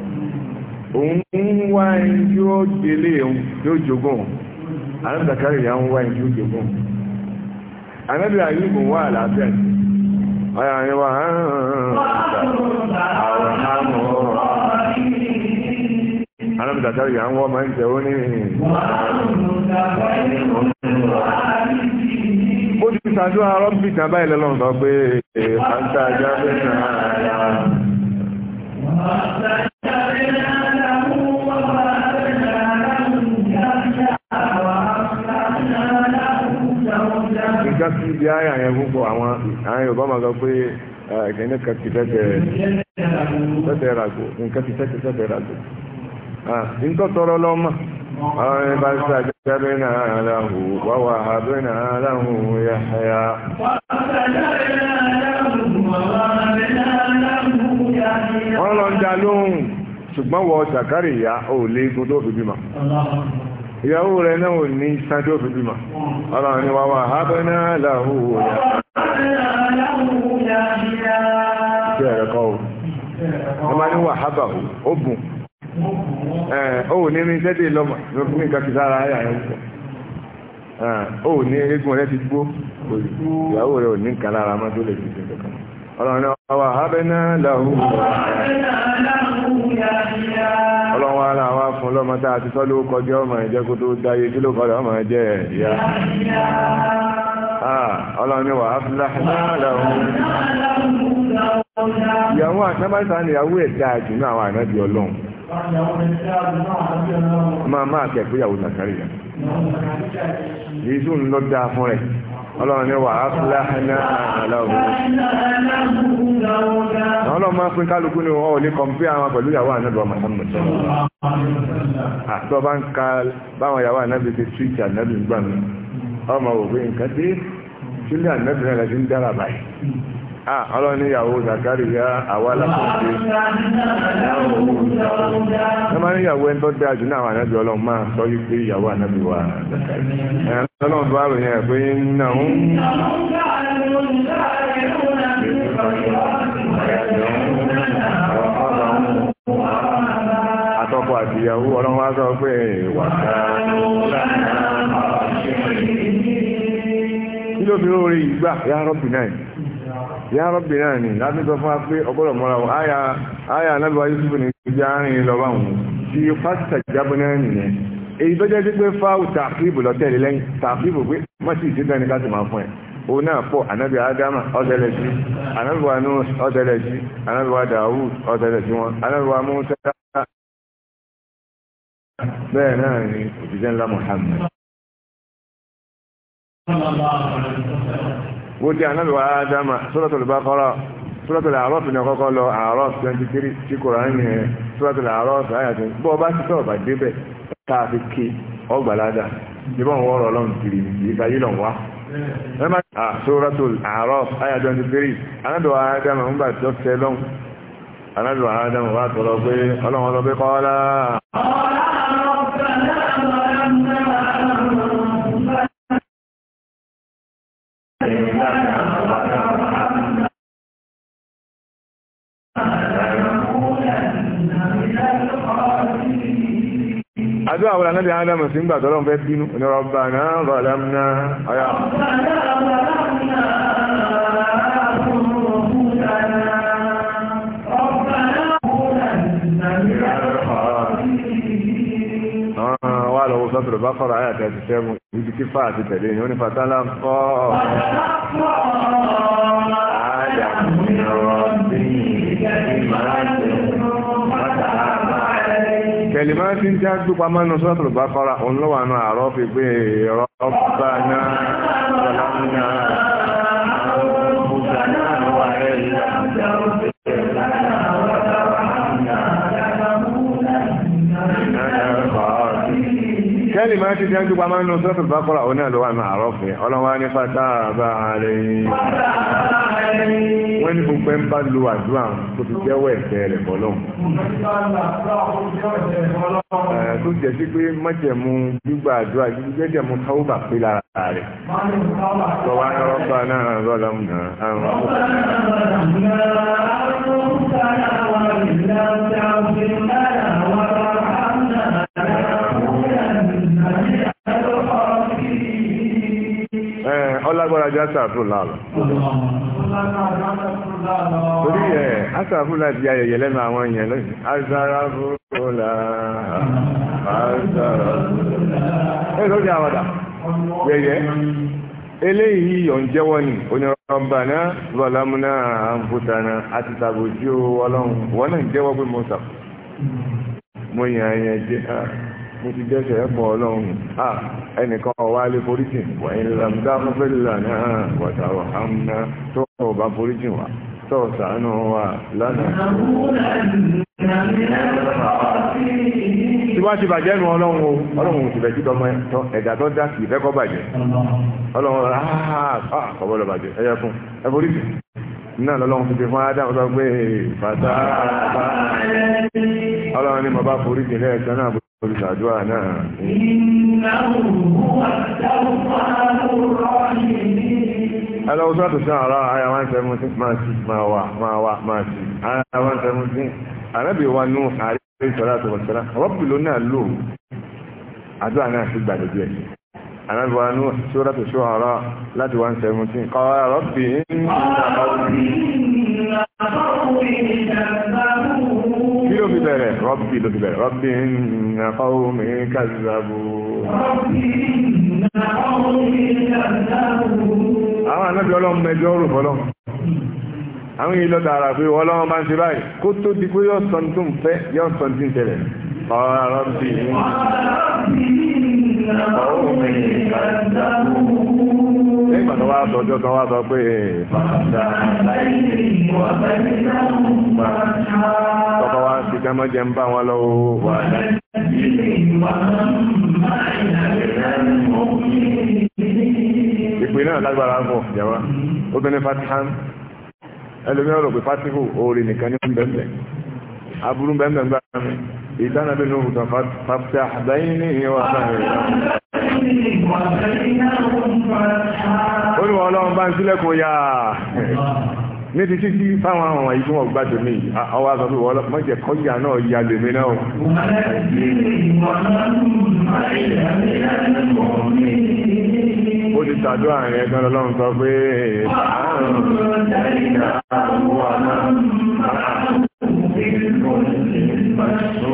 òun wá ẹni ó délé yóò jogún anábì Zakariya wá ẹni jogún anábì Ayubu wà àlàáfíà sí ọ̀yà ni wà anábì Zakariya máa ń tẹ̀ ó ní ó ti sàdúrà rọ́bì sọ pé èèyàn ń tàjá bẹ́ẹ̀ já sí ibi àyà yẹn púpọ̀ àwọn àwọn Yorùbá máa sọ pé ẹ̀kẹ́ni kan ti tẹ́tẹ̀ ràgò nǹkan ti tẹ́tẹ̀ tẹ́tẹ̀ ràgò. nǹkan tọrọ lọ́mọ àwọn ẹni bá sọ àjẹjẹrẹ náà láhù wáwà àbẹ náà láhù yáyà. wọ́n lọ ń da ṣùgbọ́n wọ ṣàkárì ìyá ò lé egun tó fi bímọ. ìyàwó rẹ̀ náà ò ní sájọ́ fi bímọ ọlọ́run ni wà wà hábẹ́ná láhù òyà ṣe ẹ̀rẹ̀ kọ́ o wọ́n ní wà hábà ó bùn ní pọ̀ rẹ̀ ti gbó rẹ̀ ò ní nǹkan lára máa ni ọlọ́mọ tá a ti sọ́ lórúkọ jẹ́ ọmọ ẹ̀jẹ̀ kó tó dáyé kí ló kọ́lẹ̀ ọmọ ẹ̀jẹ̀ ìyá ah, ọlọ́ni wà ìyàwó àtàbátà ni ìyàwó ẹ̀ dáa jù náà àwọn ànábì ọlọ́run máa máa kẹ̀ pé ìyàwó Zakariya yìí ọlọ́run ní wà áfúláhánà aláwọ̀ ọlọ́run máa pín kálukú ní ọ̀ ní kọmpí àwọn pẹ̀lú ìyàwó ànábì Muhammad àtọ́ ah, bá ń ka báwọn ìyàwó ànábì ti tíìtì ànábì gbà mí ọmọ òwe nǹkan tí ọlọ́ni ìyàwó Zakariya àwàlà fòkè ẹ máa ní ìyàwó ẹni tó dáa jù náà ànábì ọlọ́run máa sọ yí pé ìyàwó ànábì wa Zakariya ẹ̀yàn ọlọ́run tó àròyìn ẹ̀ pé náà ń àtọ́kọ àti ìyàwó ọlọ́run wá sọ pé wà á kí ló fi rórí ìgbà yàrá rọ́bì náà yá rọ́bì náà ni láti sọ fún wa pé ọgbọ́dọ̀ mọ́ra wọn àyà àyà anábìwá Yusuf ní ìjà rìn lọ́wọ́ àwọn tí pásítà jábọ́ náà nìyẹn èyí tó jẹ́ sí pé fáwù tààfíìbù lọ́tẹ̀lẹ̀ lẹ́yìn tààfíìbù pé má sì sí dání láti máa fún ẹ̀ òun náà pọ̀ ànábì ádámà ọ̀tẹ̀lẹ̀ sí ànábì wa nù ọ̀tẹ̀lẹ̀ sí ànábì wa dàwù ọ̀tẹ̀lẹ̀ sí wọn ànábì wa Mùsá bẹ́ẹ̀ náà ni òjijẹ́ ńlá Muhammad wo ti anabi wa adama suratul baqara suratul a'raf ní ọkọ́kọ́ lọ a'raf twenty three tí koran yẹn suratul a'raf ayà tó bọ́ ọba ti sọ̀rọ̀ bá débẹ̀ tá a fi ké ọgbàládà ìbọn wọ́ọ̀rọ̀ ọlọ́run kiri ìgbà yìí lọ́n wá. suratul a'raf ayà twenty three anabi wa adama ń bà tó fẹ́ lọ́n anabi wa adama wà tọ́lọ́ pé ọlọ́run ọlọ́ Àdó àwọn ànábì Ádámù sí ń gbà tọ́lọ́run fẹ́ bínú, ní rọ̀bà náà rọ̀lá náà, ọ̀yá. Ọ̀pàá wá lọ́wọ́ sọ́tọ̀rọ̀ bá fọ́rọ̀ àyà tẹ́tì sẹ́gun ibi tí fà àti tẹ̀lé ní onífàtálà ń kọ́ àyà mìíràn bí ìgbà kẹlìmá tí ń já gbúpa mọ́nu kẹ́lì máa ti jẹ́ gbígbà máa ń lọ sọ́tù bá kọ́ra òun náà ní àárọ̀ ọlọ́wà ní fata bá rẹ̀ wọ́n ní gbogbo ń bá lo àdúrà tó fi jẹ́wọ́ ẹ̀fẹ́ rẹ̀ bọ́lọ́ tó jẹ́ sí pé májẹ̀mú gbígbà àdúrà jẹ́jẹ̀mú táwọ́bà pé lára rẹ̀ lọ́wọ́ arọ́bà náà rọ́lá múnà lágbára ju asàfúrúlà lọ. torí ẹ asàfúrúlà ti ayẹyẹ lẹ́nu àwọn èèyàn lọ́sìn asàfúrúlà asàfúrúlà. ẹ lórí àwàdà yẹyẹ eléyìí ọ̀njẹ́wọ́ ni onírọ̀bàná bọ̀lámúná àǹfùtàná àti tàbójú ọlọ́run wọ́n náà jẹ́wọ́ pé mo sàkó mo yàn án yẹn jẹ́ ààrẹ mo ti dẹ́sẹ̀ ẹ̀pọ̀ ọlọ́run à ẹnìkan ọwá lè foríjìn wọ̀nyí lọ́mdá fúnfẹ́ lànà wọ̀tà ọ̀hánná tó ọba foríjìn wà tó ṣàánú wà lánàá. tí wọ́n ti bàjẹ́ nu ọlọ́run o ọlọ́run ti bẹ̀jú tọmọ ẹ̀dá tó dá sí ìfẹ́kọ́ bàjẹ́ ọlọ́run rà á kọ́bọ́ lọ bàjẹ́ ẹ̀yẹ fún ẹ foríjìn náà lọ́lọ́run ti fi fún Ádámù sọ pé fàtà bá ọlọ́run ni mo bá forí jẹ lẹ́ẹ̀kan náà olùsàdúrà náà. ẹlọ́wọ́ sọ́tù sí àrá àyà 117 máa sí máa wà máa wà máa sí àyà 117 àrẹ́bì wa nú ààrẹ ìṣọ́lá àti wọ̀sẹ̀lá ọ̀pọ̀ ló náà lò àdúrà náà sí gbàdẹ̀jẹ̀ àrẹ́bì wa nú sọ́tù sí àrá láti 117 kọ́ ọ̀rọ̀ bí i ń bẹ̀rẹ̀ rọ́bì ló ti bẹ̀rẹ̀ na nà fáwọn mi kàzàbù. àwọn anábì ọlọ́run mẹjọ rò fọlọ́ àwọn yìí lọ́dà ara pé wọ́n lọ́wọ́ máa ń ṣe báyìí kó tó di pé yóò ọ̀rọ̀ mi kàzàbù nígbà tó wá sọ ọjọ́ kan wá sọ pé tọ́kọ wá sí kẹ́mọ́ jẹ ń bá wọn lọ́wọ́ ìpè náà lágbára ń bọ̀ jẹ́wọ́ obìnrin fatihan ẹlòmíràn rò pé fatihu oore nìkan ní bẹ́ẹ̀ aburú bẹ́ẹ̀ bẹ́ẹ̀ gbá mi ìdáná bí nù hùtàn fatiha bẹ́ẹ̀ ní ìwà bẹ́ẹ̀ olùwọ́ ọlọ́run bá ń sílẹ̀kùn yá ní ti títí fáwọn àwọn àwọn ìtumọ̀ gbà tó mi ọwọ́ aṣọ fún wọ́n mọ̀ jẹ́ kọjá náà ya lèmi náà ó ti tàdó àárín ẹgbẹ́ ọlọ́run sọ pé àrùn ìdá àwọn àmà ìlú ìgbà tó.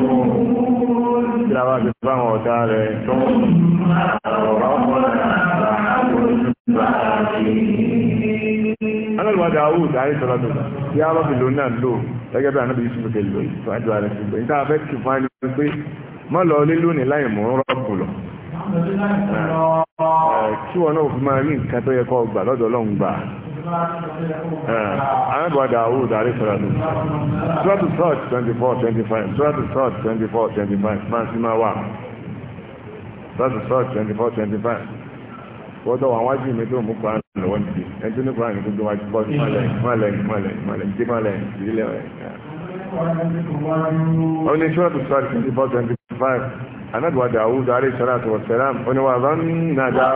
kí la wá ti fáwọn ọ̀tá rẹ̀. bá Dawud ayé sọ̀rọ̀ tó tí a rọ́bì lónà lò gẹ́gẹ́ bí anábì Yusuf kẹ lò yìí fàájú ara sí pé níta fẹ́ kí fún ẹni pé má lọ lé lónìí láì mú rọ́bù lọ. kí wọn náà fi máa rí nǹkan tó yẹ kó gbà lọ́dọ̀ Ọlọ́run gbà. anábì Dawud ayé sọ̀rọ̀ tó sọ́ọ̀tù sọ́ọ̀tù twenty four twenty five sọ́ọ̀tù sọ́ọ̀tù twenty four twenty five máa sí wà sọ́ọ̀tù sọ́ọ̀tù twenty four twenty five wọ́tọ̀ wọn wájú mi tó mú kuran lọ́wọ́ ti ẹni tó ní kuran ní gbogbo wájú bọ́ọ̀sì mọ́lẹ̀ mọ́lẹ̀ mọ́lẹ̀ mọ́lẹ̀ jí mọ́lẹ̀ ìdílé rẹ̀. ó ní sọ́nà tó sọ́ọ́ twenty four twenty five anábìwá dàwúdà àrẹ sọ́nà tó wọ̀ sẹ́lám ó ní wà bá ń nà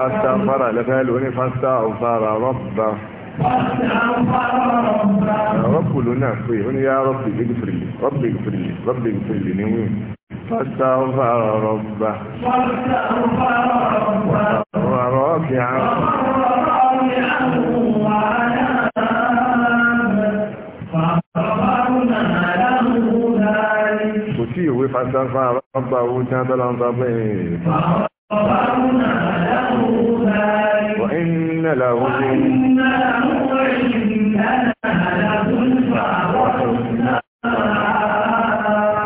Fasta fara lẹ́fẹ̀ẹ́ lóní fasta ọ̀fara rọ́bà rọ́pù ló náà pé ó ní yá rọ́pù ìgbìfìrìlì rọ́pù ìgbìfìrìlì rọ́pù ìgbìfìrìlì ní wí fọ́tà ọ̀fà ọ̀rọ̀ bá ọ̀rọ̀ ọ̀kì àrùn kò sí ìwé fọ́tà ọ̀fà ọ̀rọ̀ bá owó tí wọ́n tọ́lọ́ ń sọ pé وإن له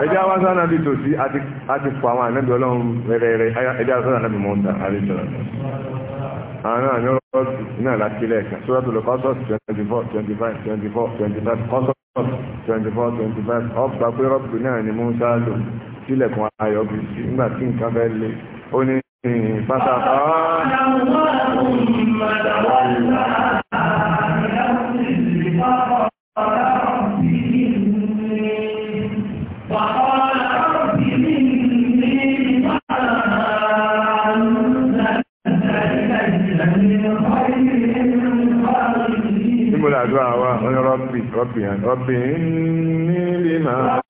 ẹjá wá sáà náà bí tò sí àti fò àwọn ànábì ọlọ́run rẹ̀rẹ̀ ẹjá sáà náà bí mọ́ ọ̀dá àríṣọ́rọ̀ àwọn àmì ọlọ́rọ̀ náà láti lẹ́ẹ̀kan sóràtò lọ kọ́sọ̀s 24 25 24 25 kọ́sọ̀s 24 25 ọgbà pé rọ́pù náà ni mú sáà lò sílẹ̀kùn ayọ̀ bí sí nígbà tí nǹkan fẹ́ lé ó ní pátá Níbo làdúrà wa, ọ̀nà rọ́bì, rọ́bì, rọ́bì ń ní lè máa.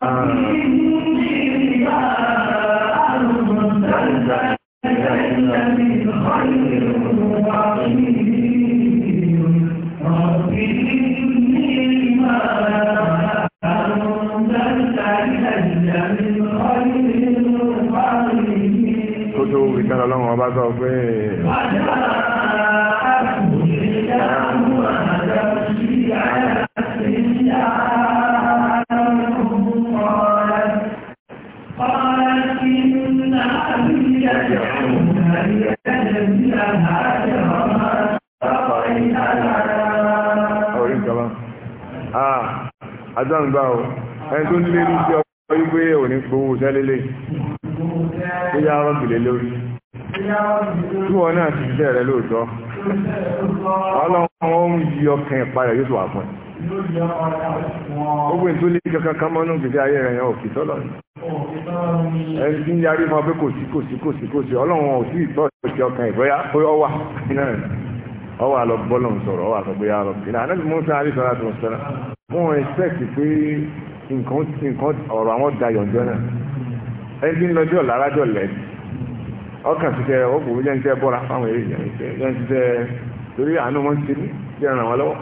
àdánùgbà o ẹni tó lé ní ọjọ́ wípé ò ní gbowó sẹ́lélé tó yá rọ́bìlẹ̀ lórí tí wọ́n náà ti ṣiṣẹ́ rẹ lóòótọ́ ọlọ́run ó ń yí ọkàn ìparẹ̀ yóò tó wà fún ẹ gbogbo ìtò lè kankan kan mọ́nú gbèsè ayé rẹ̀ yẹn òkè tọ́lọ̀ ni ẹni tí ń yarí fún ọ pé kò sí kò sí kò sí kò sí ọlọ́run ò sí ìtọ́ ìtọ́jú ọkàn ìbọ́yá pé ọ wà náà ọ wà lọ bọ́lọ̀ ń sọ̀rọ̀ ọ wà sọ pé yà á lọ bí náà anábì Musa àríṣọ́lá tó ń sọ́nà wọ́n expect pé nǹkan ọ̀rọ̀ àwọn da yọ̀ǹjọ́ náà ẹni tí ń lọ́jọ́ làrájọ́ lẹ́nu ọkàn ti tẹ ọkùn fún jẹ́ǹtẹ́ bọ́ra fáwọn èrè jẹ́ǹtẹ́ jẹ́ǹtẹ́ torí àánú wọn ti ní jẹ́ ràn wọ́n lọ́wọ́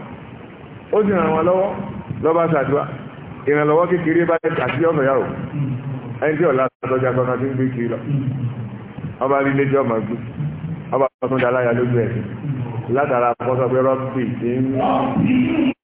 ó sì ràn wọ́n lọ́wọ́ lọ́ba ṣàdúrà ìrànlọ́wọ́ kékeré bá àti ọ̀sán yàrá ẹni tí ọ̀la lọ́jà sọ́nà tí ń gbé kiri lọ ọba rí lẹ́jọ́ ọmọ gbé ọba tuntun dáláyà lójú ẹ̀ látara kọ́sọ́ pé rọ́bì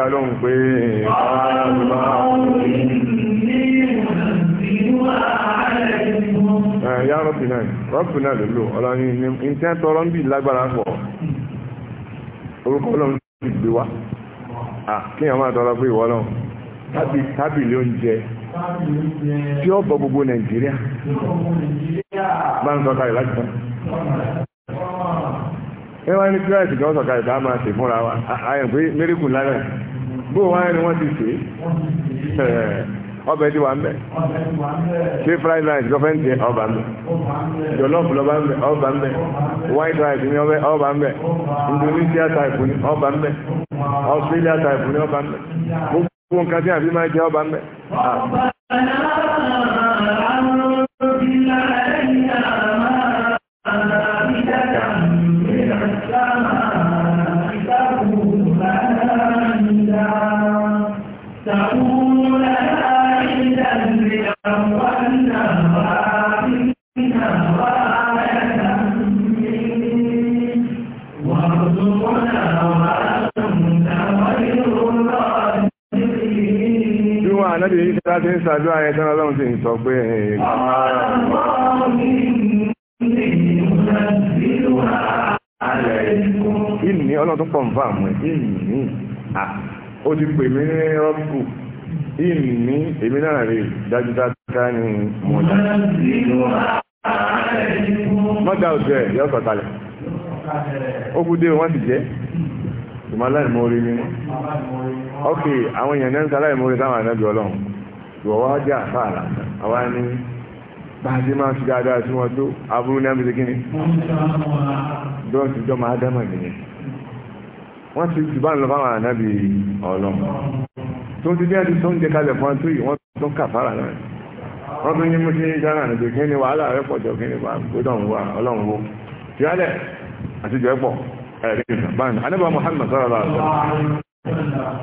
dá lóhùn pé ẹ̀yà rọ́pìnà rọ́pìnà ló lò ọ̀la ní ìtẹ́ tọrọ ń bì lágbára pọ̀ orúkọ ọlọ́run ti gbé wá kí àwọn àtọ́lá pé ìwọ ọlọ́run tábìlì oúnjẹ tí ó bọ gbogbo nàìjíríà bá ń sọ kalẹ̀ láti tán ẹ wá ní kíláàsì kan sọ kalẹ̀ tá a máa ṣe fúnra wa àyẹ̀ pé mẹ́rìkù lálẹ́ bó wá ní wọ́n ti ṣe ọbẹ̀ tí wà ń bẹ̀ ṣé fried rice lọ́fẹ́ ń jẹ ọba ń bẹ̀ jollof lọ́ba ń bẹ̀ ọba ń bẹ̀ white rice ní ọbẹ̀ ọba ń bẹ̀ Indonesia type ní ọba ń Australia type ní ọba ń bẹ̀ gbogbo nǹkan tí àfi máa jẹ ọba ń bẹ̀. Ọ̀pọ̀ náà àwọn ọmọ ìlànà ìlànà máa Táti ń ṣàdúrà yẹn tán ọlọ́run sì ń sọ pé ìní ọlọ́run tó pọ̀ ń fà mọ́ ìní à ó ti pè mí ní rọ́pù ìní èmi náà rè dájúdájú ká ní mọ́jà. mọ́jà òjò ẹ̀ yọ sọ̀kalẹ̀ ó kú dé wọ́n ti jẹ́ ìmọ̀ aláìmọ́ orí ni wọ́n. àwọn èèyàn náà ń sọ aláìmọ́ orí táwọn ànábì ọlọ́run. ìwọ̀ wá jẹ́ àfà àrà àwa ni bá a ti máa fi dáadáa sí na tó aburú ní àmì kíni dọ́ọ̀tì jọmọ ádámà nìyẹn wọ́n ti jù bá ń lọ fáwọn ànábì ọ̀lọ́ tó ti tó ń jẹ kalẹ̀ fún wọ́n tó ń kàfàrà náà wọ́n mú sí kí ni wàhálà pọ̀ jọ kí ni ọlọ́run wo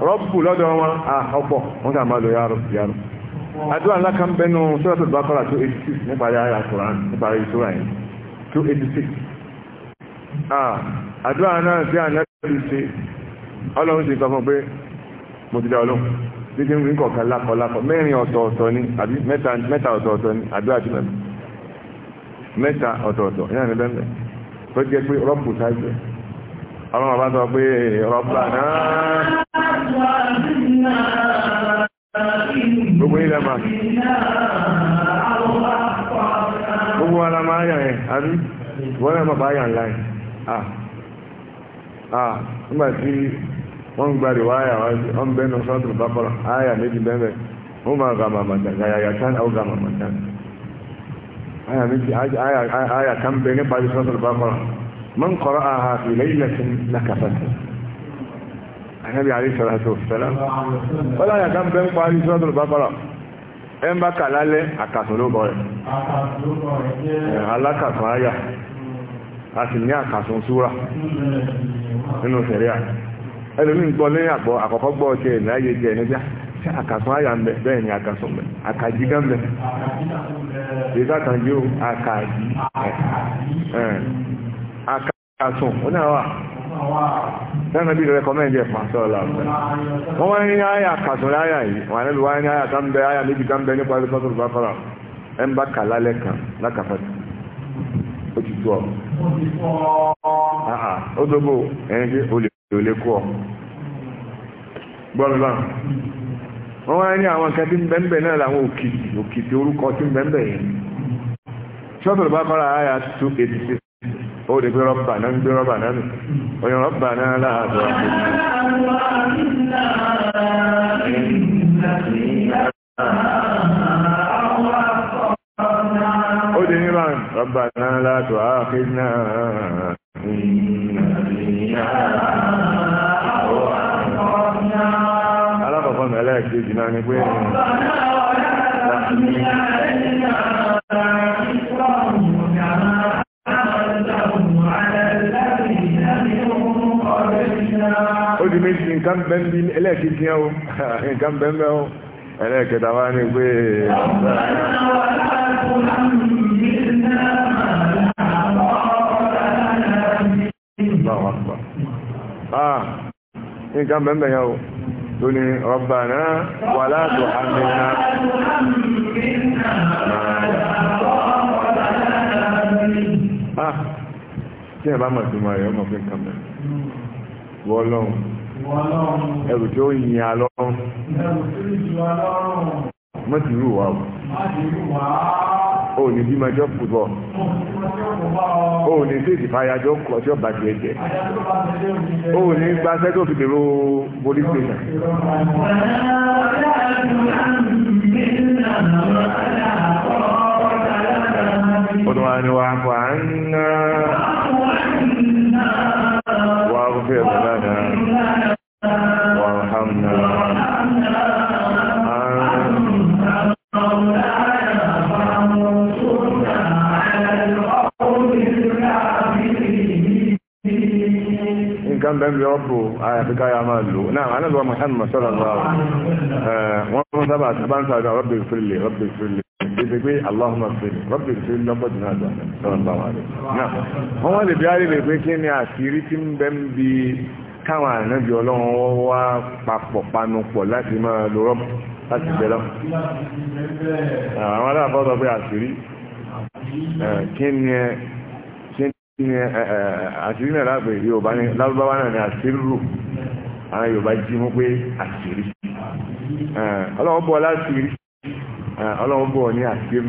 rọ́pù lọ́dọ̀ àdúrà ńlá kan bẹnu sọ́dọ̀tò bákọ́lá 286 nípa ayára koran nípa ìṣúra yìí 286 àdúrà náà sí ànábì ṣe ọlọ́run ṣe nǹkan fún pé mo ti dá ọlọ́run títí ń rìn kọ̀ọ̀kan lákọ̀ lákọ̀ mẹ́rin ọ̀tọ̀ọ̀tọ̀ ni àbí mẹ́ta ọ̀tọ̀ọ̀tọ̀ ni àdúrà ti bẹ̀rẹ̀ mẹ́ta ọ̀tọ̀ọ̀tọ̀ ní àná bẹ́ẹ̀ tó jẹ́ pé rọ́pù sáájú ọlọ́run bàbá sọ pé rọ́pù náà. gbogbo ilẹ̀ máa gbogbo ara máa yàn ẹ̀ àbí wọ́n náà máa bá yàn láì àà nígbà tí wọ́n gba rẹ̀ wáyà wọ́n bẹ́ẹ̀ náà sọ́tò bá kọ́ra àyà méjì bẹ́ẹ̀ máa màmá màmá àyà méjì àyà kan bẹ́ẹ̀ nípa sọ́tò bá kọ́ra mọ́n àhà ànábì àríṣọ́láṣọ́ sẹ́lá wọ́n láyà ká ń bẹ́ ń parí sọ́dọ̀ bábára ẹ ń bá kà lálẹ́ àkàtún ló bọ̀ rẹ̀ alákàtún àyà a sì ní àkàtún súra nínú sẹ̀ríà ẹlòmí ń gbọ́ lẹ́yìn àgbọ̀ àkọ́kọ́ gbọ́ ọ̀tẹ̀ ẹ̀ láyé jẹ́ ẹni bíá ṣé àkàtún àyà ń bẹ bẹ́ẹ̀ ni àkàtún bẹ àkàjí gán bẹ ìdákanjú àkàjí àtún oníwà lẹ́nà bí rẹkọmẹ́ndì ẹ̀fà sọ́ọ̀lá wọ́n wá ní àyà kàtún láyà yìí wọ́n níbi wá ní àyà kan bẹ àyà méjì kan bẹ nípa ẹgbẹ́ sọ́tò báfara ẹ̀ ń bá kà lálẹ́ kan lákàfẹ́ ó ti tó ọ. ó dógó ẹni pé olè olè kú ọ. gbọ́dọ̀ náà wọ́n wá ní àwọn kan tí ń bẹ́ ń bẹ̀ náà làwọn òkìtì òkìtì orúkọ tí ń bẹ́ ń bẹ̀ yẹn sọ́tò báfara àyà two eighty six ó lè gbé rọ́bà náà ń gbé rọ́bà náà nù oyin rọ́bà náà láàbọ̀ ó lè ní báyìí rọ́bà náà látọ̀ áàfin náà alákọ̀ọ́kọ́ mẹ́lẹ́ kejì náà ni pé méjì nǹkan bẹ́ẹ̀ bí ẹlẹ́ẹ̀kejì yẹn o nǹkan bẹ́ẹ̀ bẹ́ẹ̀ o ẹlẹ́ẹ̀kẹta wá ní pé. Ah, nǹkan bẹ́ẹ̀ bẹ́ẹ̀ yẹn o tó ní Rabbana wà látò àmì náà. tí ẹ bá mọ̀ sí mọ̀ ẹ̀ ọmọ fún nǹkan bẹ́ẹ̀ ẹrù tí ó yin alọ́run mọ́ ti rú wa o ò ní bí ma jọ púpọ̀ o ò ní sí ìfàyàjọ ọjọ́ bàjẹ́ ẹ̀jẹ̀ o ò ní gba sẹ́tọ̀ fi dèrò police station. Odò wa ni wa kò à ń ná. Wà á fẹ́ ọ̀dọ́ náà kan bẹ́ẹ̀ bí ọ́pù àyàfikà ya máa lò náà anábíwá Muhammad sọ́lọ́lọ́ wọn mọ́ sábà bá ń sàdọ̀ rọ́bì fìlì rọ́bì fìlì ibi pé Allahumma fìlì rọ́bì fìlì lọ́pọ̀ jù náà jọ sọ́lọ́lọ́ wà lè. wọ́n wọ́n lè bí á lè pé kí ni àṣírí tí ń bẹ́ẹ̀ bí káwọn ànábì ọlọ́run wá papọ̀ panupọ̀ láti máa lo rọ́bù láti bẹ̀ lọ. àwọn aláàbọ̀ sọ pé àṣírí kí ni ẹ lárúbáwá náà ni àṣírí rù àwọn yorùbá jí mú pé àṣírí ọlọ́run bọ̀ láṣírí ọlọ́run bọ̀ ní àṣírí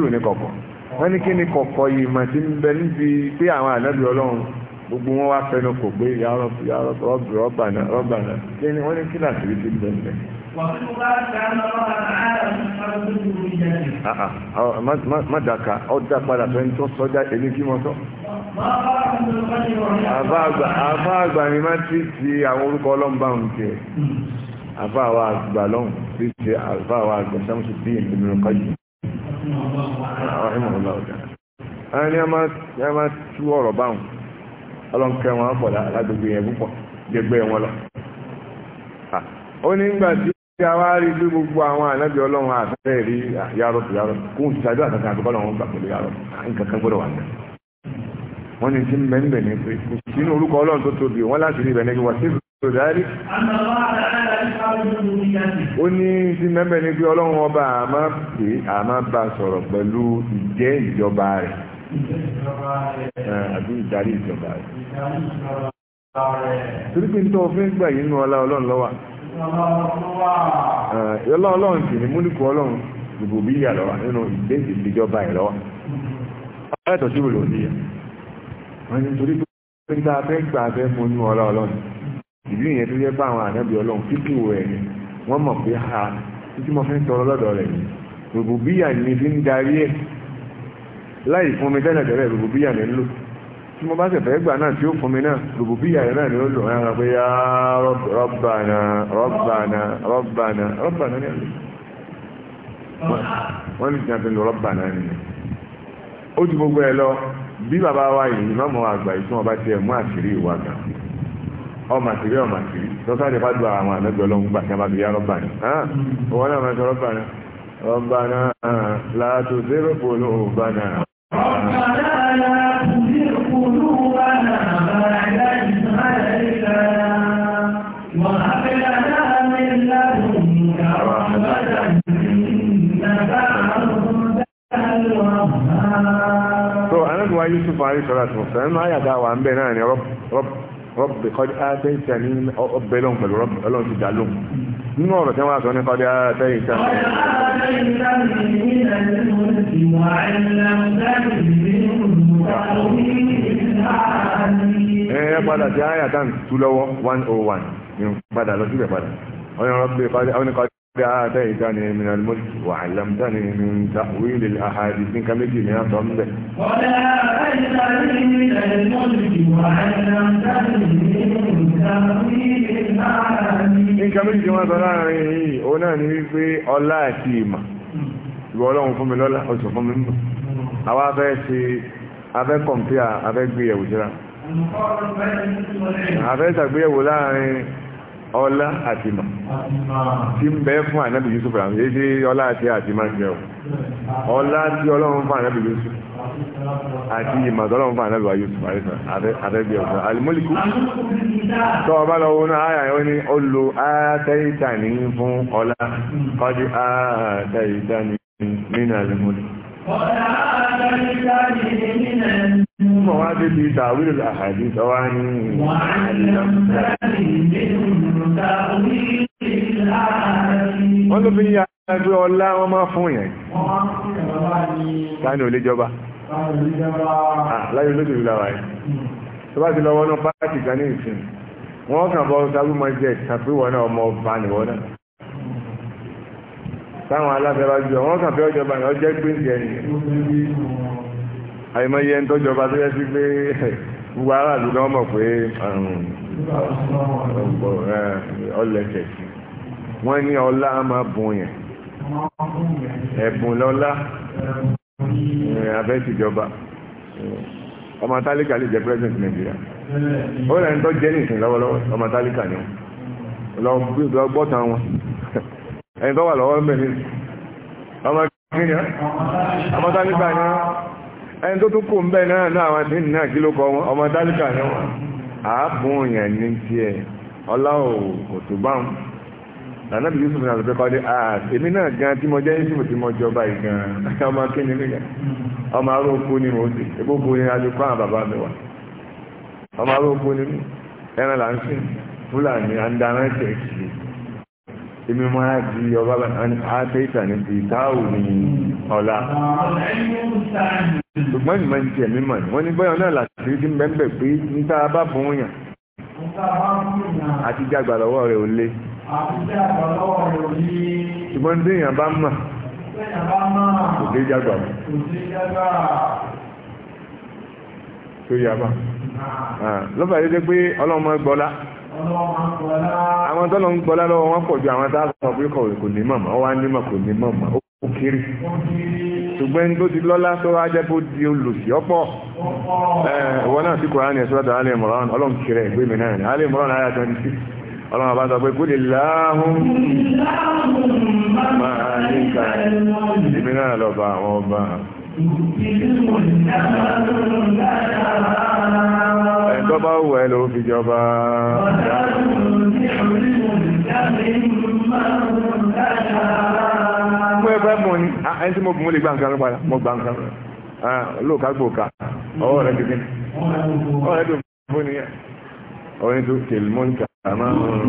rù ní kọ̀kọ̀ wọ́n ní kí ni kọ̀kọ̀ yìí mà ti ń bẹ níbi pé àwọn ànábì ọlọ́run gbogbo wọn wá fẹnu kò gbé ya rọbì ya rọbì rọbà náà rọbà náà kí ni wọn ní kí láti rí ti bẹ bẹ. má dàka ọ dá padà fẹni tó sọjá èmi kí mo sọ. àbá àgbà ni má ti ti àwọn orúkọ ọlọ́mbà ń tiẹ̀ àbá àwa àgbà lọ́hùn ti ti àbá àwa àgbà sàmùsù bí ìbìnrin kọ́ yìí. àwọn ọ̀hìn mọ̀ ọ́n lọ́wọ́ dáa. ẹni a máa tú ọ̀rọ̀ báwọn ọlọ́nkẹ́ wọn pọ̀ lágbègbè yẹn púpọ̀ gbẹgbẹ́ wọn lọ. ó ní gbà tí a wá rí bí gbogbo àwọn ànábì ọlọ́run àtàlẹ́ rí yàrá tó yàrá kó ń ṣàdó àtàkà àkọ́kọ́ lọ́wọ́ gbà pẹ̀lú yàrá nǹkan kan gbọ́dọ̀ wà ní. wọ́n ní tí ń bẹ̀ ń bẹ̀ ní pé kò sí inú orúkọ ọlọ́run tó tóbi wọ́n láti rí ibẹ̀ ní wọ́n sí ìlú dárí. ó ní tí mẹ́mẹ́ ní pé ọlọ́run ọba àmà pé àmà bá sọ̀rọ̀ pẹ̀lú ìjẹ́ ìjọba rẹ̀ àbí ìdarí ìjọba rẹ̀ torí pé nítorí ọ̀fẹ́ gbà yìí nínú ọlá ọlọ́run lọ́wà ọlá ọlọ́run sì ní múlùkù ọlọ́run ìbò bí yà lọ́wà nínú ìgbé ìjọba ẹ̀ lọ́wà ọ̀rẹ́tọ̀ sí wòlò níyà wọ́n ní torí pé níta fẹ́ gbà fẹ́ mú nínú ọlá ọlọ́run ìbí ìyẹn tó yẹ bá àwọn ànábì ọlọ́run fífi wọ ẹ̀ láì fún mi tẹ́lẹ̀ tẹ́lẹ̀ rògbòbíyà ní lò tí mo bá sì fẹ́ gbà náà tí ó fún mi náà rògbòbíyà rẹ̀ náà ni ó lò rárá pé yá rọ́bànà rọ́bànà rọ́bànà rọ́bànà ní àlè wọ́n ní ìjìnlẹ̀ lọ rọ́bànà ni ó ti gbogbo ẹ lọ bí bàbá wa yìí mọ́mọ́ àgbà yìí tí wọ́n bá tiẹ̀ mú àṣírí ìwà gan ọmọ àṣírí ọmọ àṣírí lọ́sàdé bá dùn àwọn àmẹ́gbẹ́ ọlọ́run gbà kí wọ́n bá fi yá rọ́bànà wọ́n náà máa ń sọ rọ́bànà ربنا لا تزغ قلوبنا yusuf alayhi salatu wa salam aya da wa náà ni rob rob rob qad ataytani ọbẹ̀ pẹ̀lú rob ọlọ́run ti dá lóhùn nínú ọ̀rọ̀ tí wọ́n sọ nípa bí ara ẹ̀yẹ padà tí àyàtà tú lọ́wọ́ 101 padà lọ síbẹ̀ padà ọ̀yọ̀rọ̀ pé padà آتيتني من الملك وعلمتني من تأويل الأحاديث من كم يجي من ولا وآتيتني من الملك وعلمتني من تأويل الأحاديث من كم يجي ما تراني أنا نبي الله تيما ìwọ̀lọ́run fún mi lọ́lá oṣù fún mi mú àwọn abẹ́ ṣe abẹ́ kọ̀mpíà abẹ́ gbéyẹ̀wò síra abẹ́ ṣàgbéyẹ̀wò láàrin ọlá àtìmà tí ń bẹ fún ànábì Yusuf rà ní ṣe ọlá àti àtìmà ṣe ọ ọlá tí ọlọ́run fún ànábì Yusuf àti ìmọ̀tọ́lọ́run fún ànábì Yusuf àtẹ́gbé ọ̀sán alimọ́lìkú tó ọba lọ́wọ́ náà àyà ó ní olù àtẹ́ìtà ní fún ọlá kọ́dí àtẹ́ìtà ní nínú alimọ́lìkú Mọ̀ wá dé bí tàwílì àhàdí tọwá ní wọ́n tó fi ń yàgbé ọlá wọn máa fún yẹn. Táni ò lè jọba. Láyé olóògbé ìlàwà ẹ̀. Tó bá ti lọ wọnú pàtàkì kan ní ìsìn, wọ́n kàn bọ́ sábú jẹ́ ìtàpéwọ̀ náà ọmọ ọba nìwọ́n náà táwọn aláfẹ́wájú àwọn kàfẹ́ ọjọba náà jẹ́ gbèǹdì ẹni àìmọye ẹni tọ́jọba tó yẹ sí pé gbogbo aráàlú náà mọ̀ pé ọlẹ́sẹ̀ sí wọ́n ní ọlá máa bùn yẹn ẹ̀bùn lọ́lá abẹ́sìjọba ọmọ tálíkà lè jẹ́ president Nàìjíríà ó lẹ́ni tó jẹ́ nìsín lọ́wọ́lọ́wọ́ ọmọ tálíkà ni wọ́n lọ gbọ́tàn wọn. ẹni tó wà lọ́wọ́ mẹ́rin ọmọ ọmọ tálíkà ní ẹni tó tún kò ń bẹ́ náà náà àwọn tí náà kí ló kọ ọmọ tálíkà ní wọn àápùn òyìn ní tí ẹ ọlá òtùbáhùn lànà Yusuf náà lọ́pẹ́ kọ́dé èmi náà gan tí mo jẹ́ Yusuf tí mo jọba ìgan ni èmi máa di ọba bàtàní àtẹ́ìtà ní ti táàwù ní ọ̀la. ṣùgbọ́n ìmọ̀ ní ti ẹ̀mí mọ̀ ní wọ́n ní bọ́yọ̀ náà làtìrí ti ń bẹ́ẹ̀ pé níta bá bùn yàn àti jàgbà lọ́wọ́ rẹ̀ ò lé. ṣùgbọ́n ní èèyàn bá mọ̀ kò dé jàgbà mọ̀. tó yà bá. Ah, lọ́bàá yóò jẹ́ pé ọlọ́mọ gbọ́lá. àwọn tọ́lọ ń pọ̀lá lọ́wọ́ wọ́n pọ̀ ju àwọn tààsọ̀ pé kọ̀wé kò ní mọ̀mọ̀ ó wá ní mọ̀ kò ní mọ̀mọ̀ ó kéré ṣùgbọ́n tó ti lọ́lá tó wá jẹ́ bó di olùsí náà sí Ẹ̀tọ́ bá wù ẹ́ ló fi jọba. Mú ẹgbẹ́ mọ̀ ní, ẹni tí mo gùn mú lè gbà nǹkan rẹ̀ padà, mo gbà nǹkan rẹ̀. Lóòká gbòòká, ọwọ́ rẹ̀ kékeré. Ọwọ́ rẹ̀ dùn fún ni yẹn. Ọ̀rẹ́ tó kèlè mọ́ńkà máa ń rọrùn.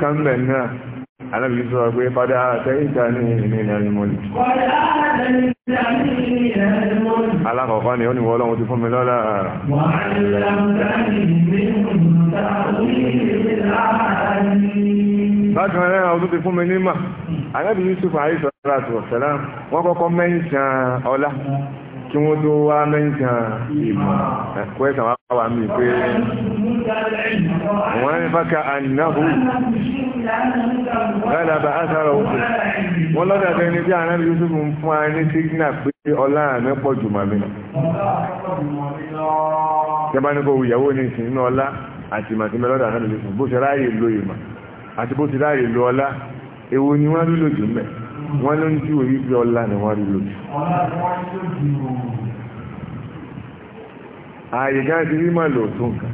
kan bẹ̀ náà alábìí sọ pé padà àtẹ́ ìta ní ìrìnà ìmọ̀lì alákọ̀ọ́kọ́ ni ó ní wọ́lọ́wọ́ ti fún mi lọ́lá bákan rẹ̀ ọdún ti fún mi ní mà alábìí Yusuf àìsàn àti ọ̀sẹ̀lá wọ́n kọ́kọ́ mẹ́yìn kí wọ́n tó wá mẹ́ǹkan ìmọ̀ ẹ̀kọ́ ẹ̀kàn wá wà mí pé wọ́n ní bákà ànáhù lálàbà ásàrà òkú wọ́n lọ́dà tẹ́ ní bí ànábì Yusuf ń fún a ní sígínà pé ọlá àmì pọ̀ jù màmí nà jẹba ní kò wù ìyàwó ní ìsìn nínú ọlá àti ìmọ̀ àtìmẹ́ lọ́dà ànábì Yusuf bó ti ráyè lo ìmọ̀ àti bó ti ráyè lo ọlá èwo ni wọ́n lò jù mẹ́ẹ̀ wọ́n ló ń júwèé wípé ọlá ni wọ́n rí lójú ààyè kan ti rí mọ̀ lò tó nǹkan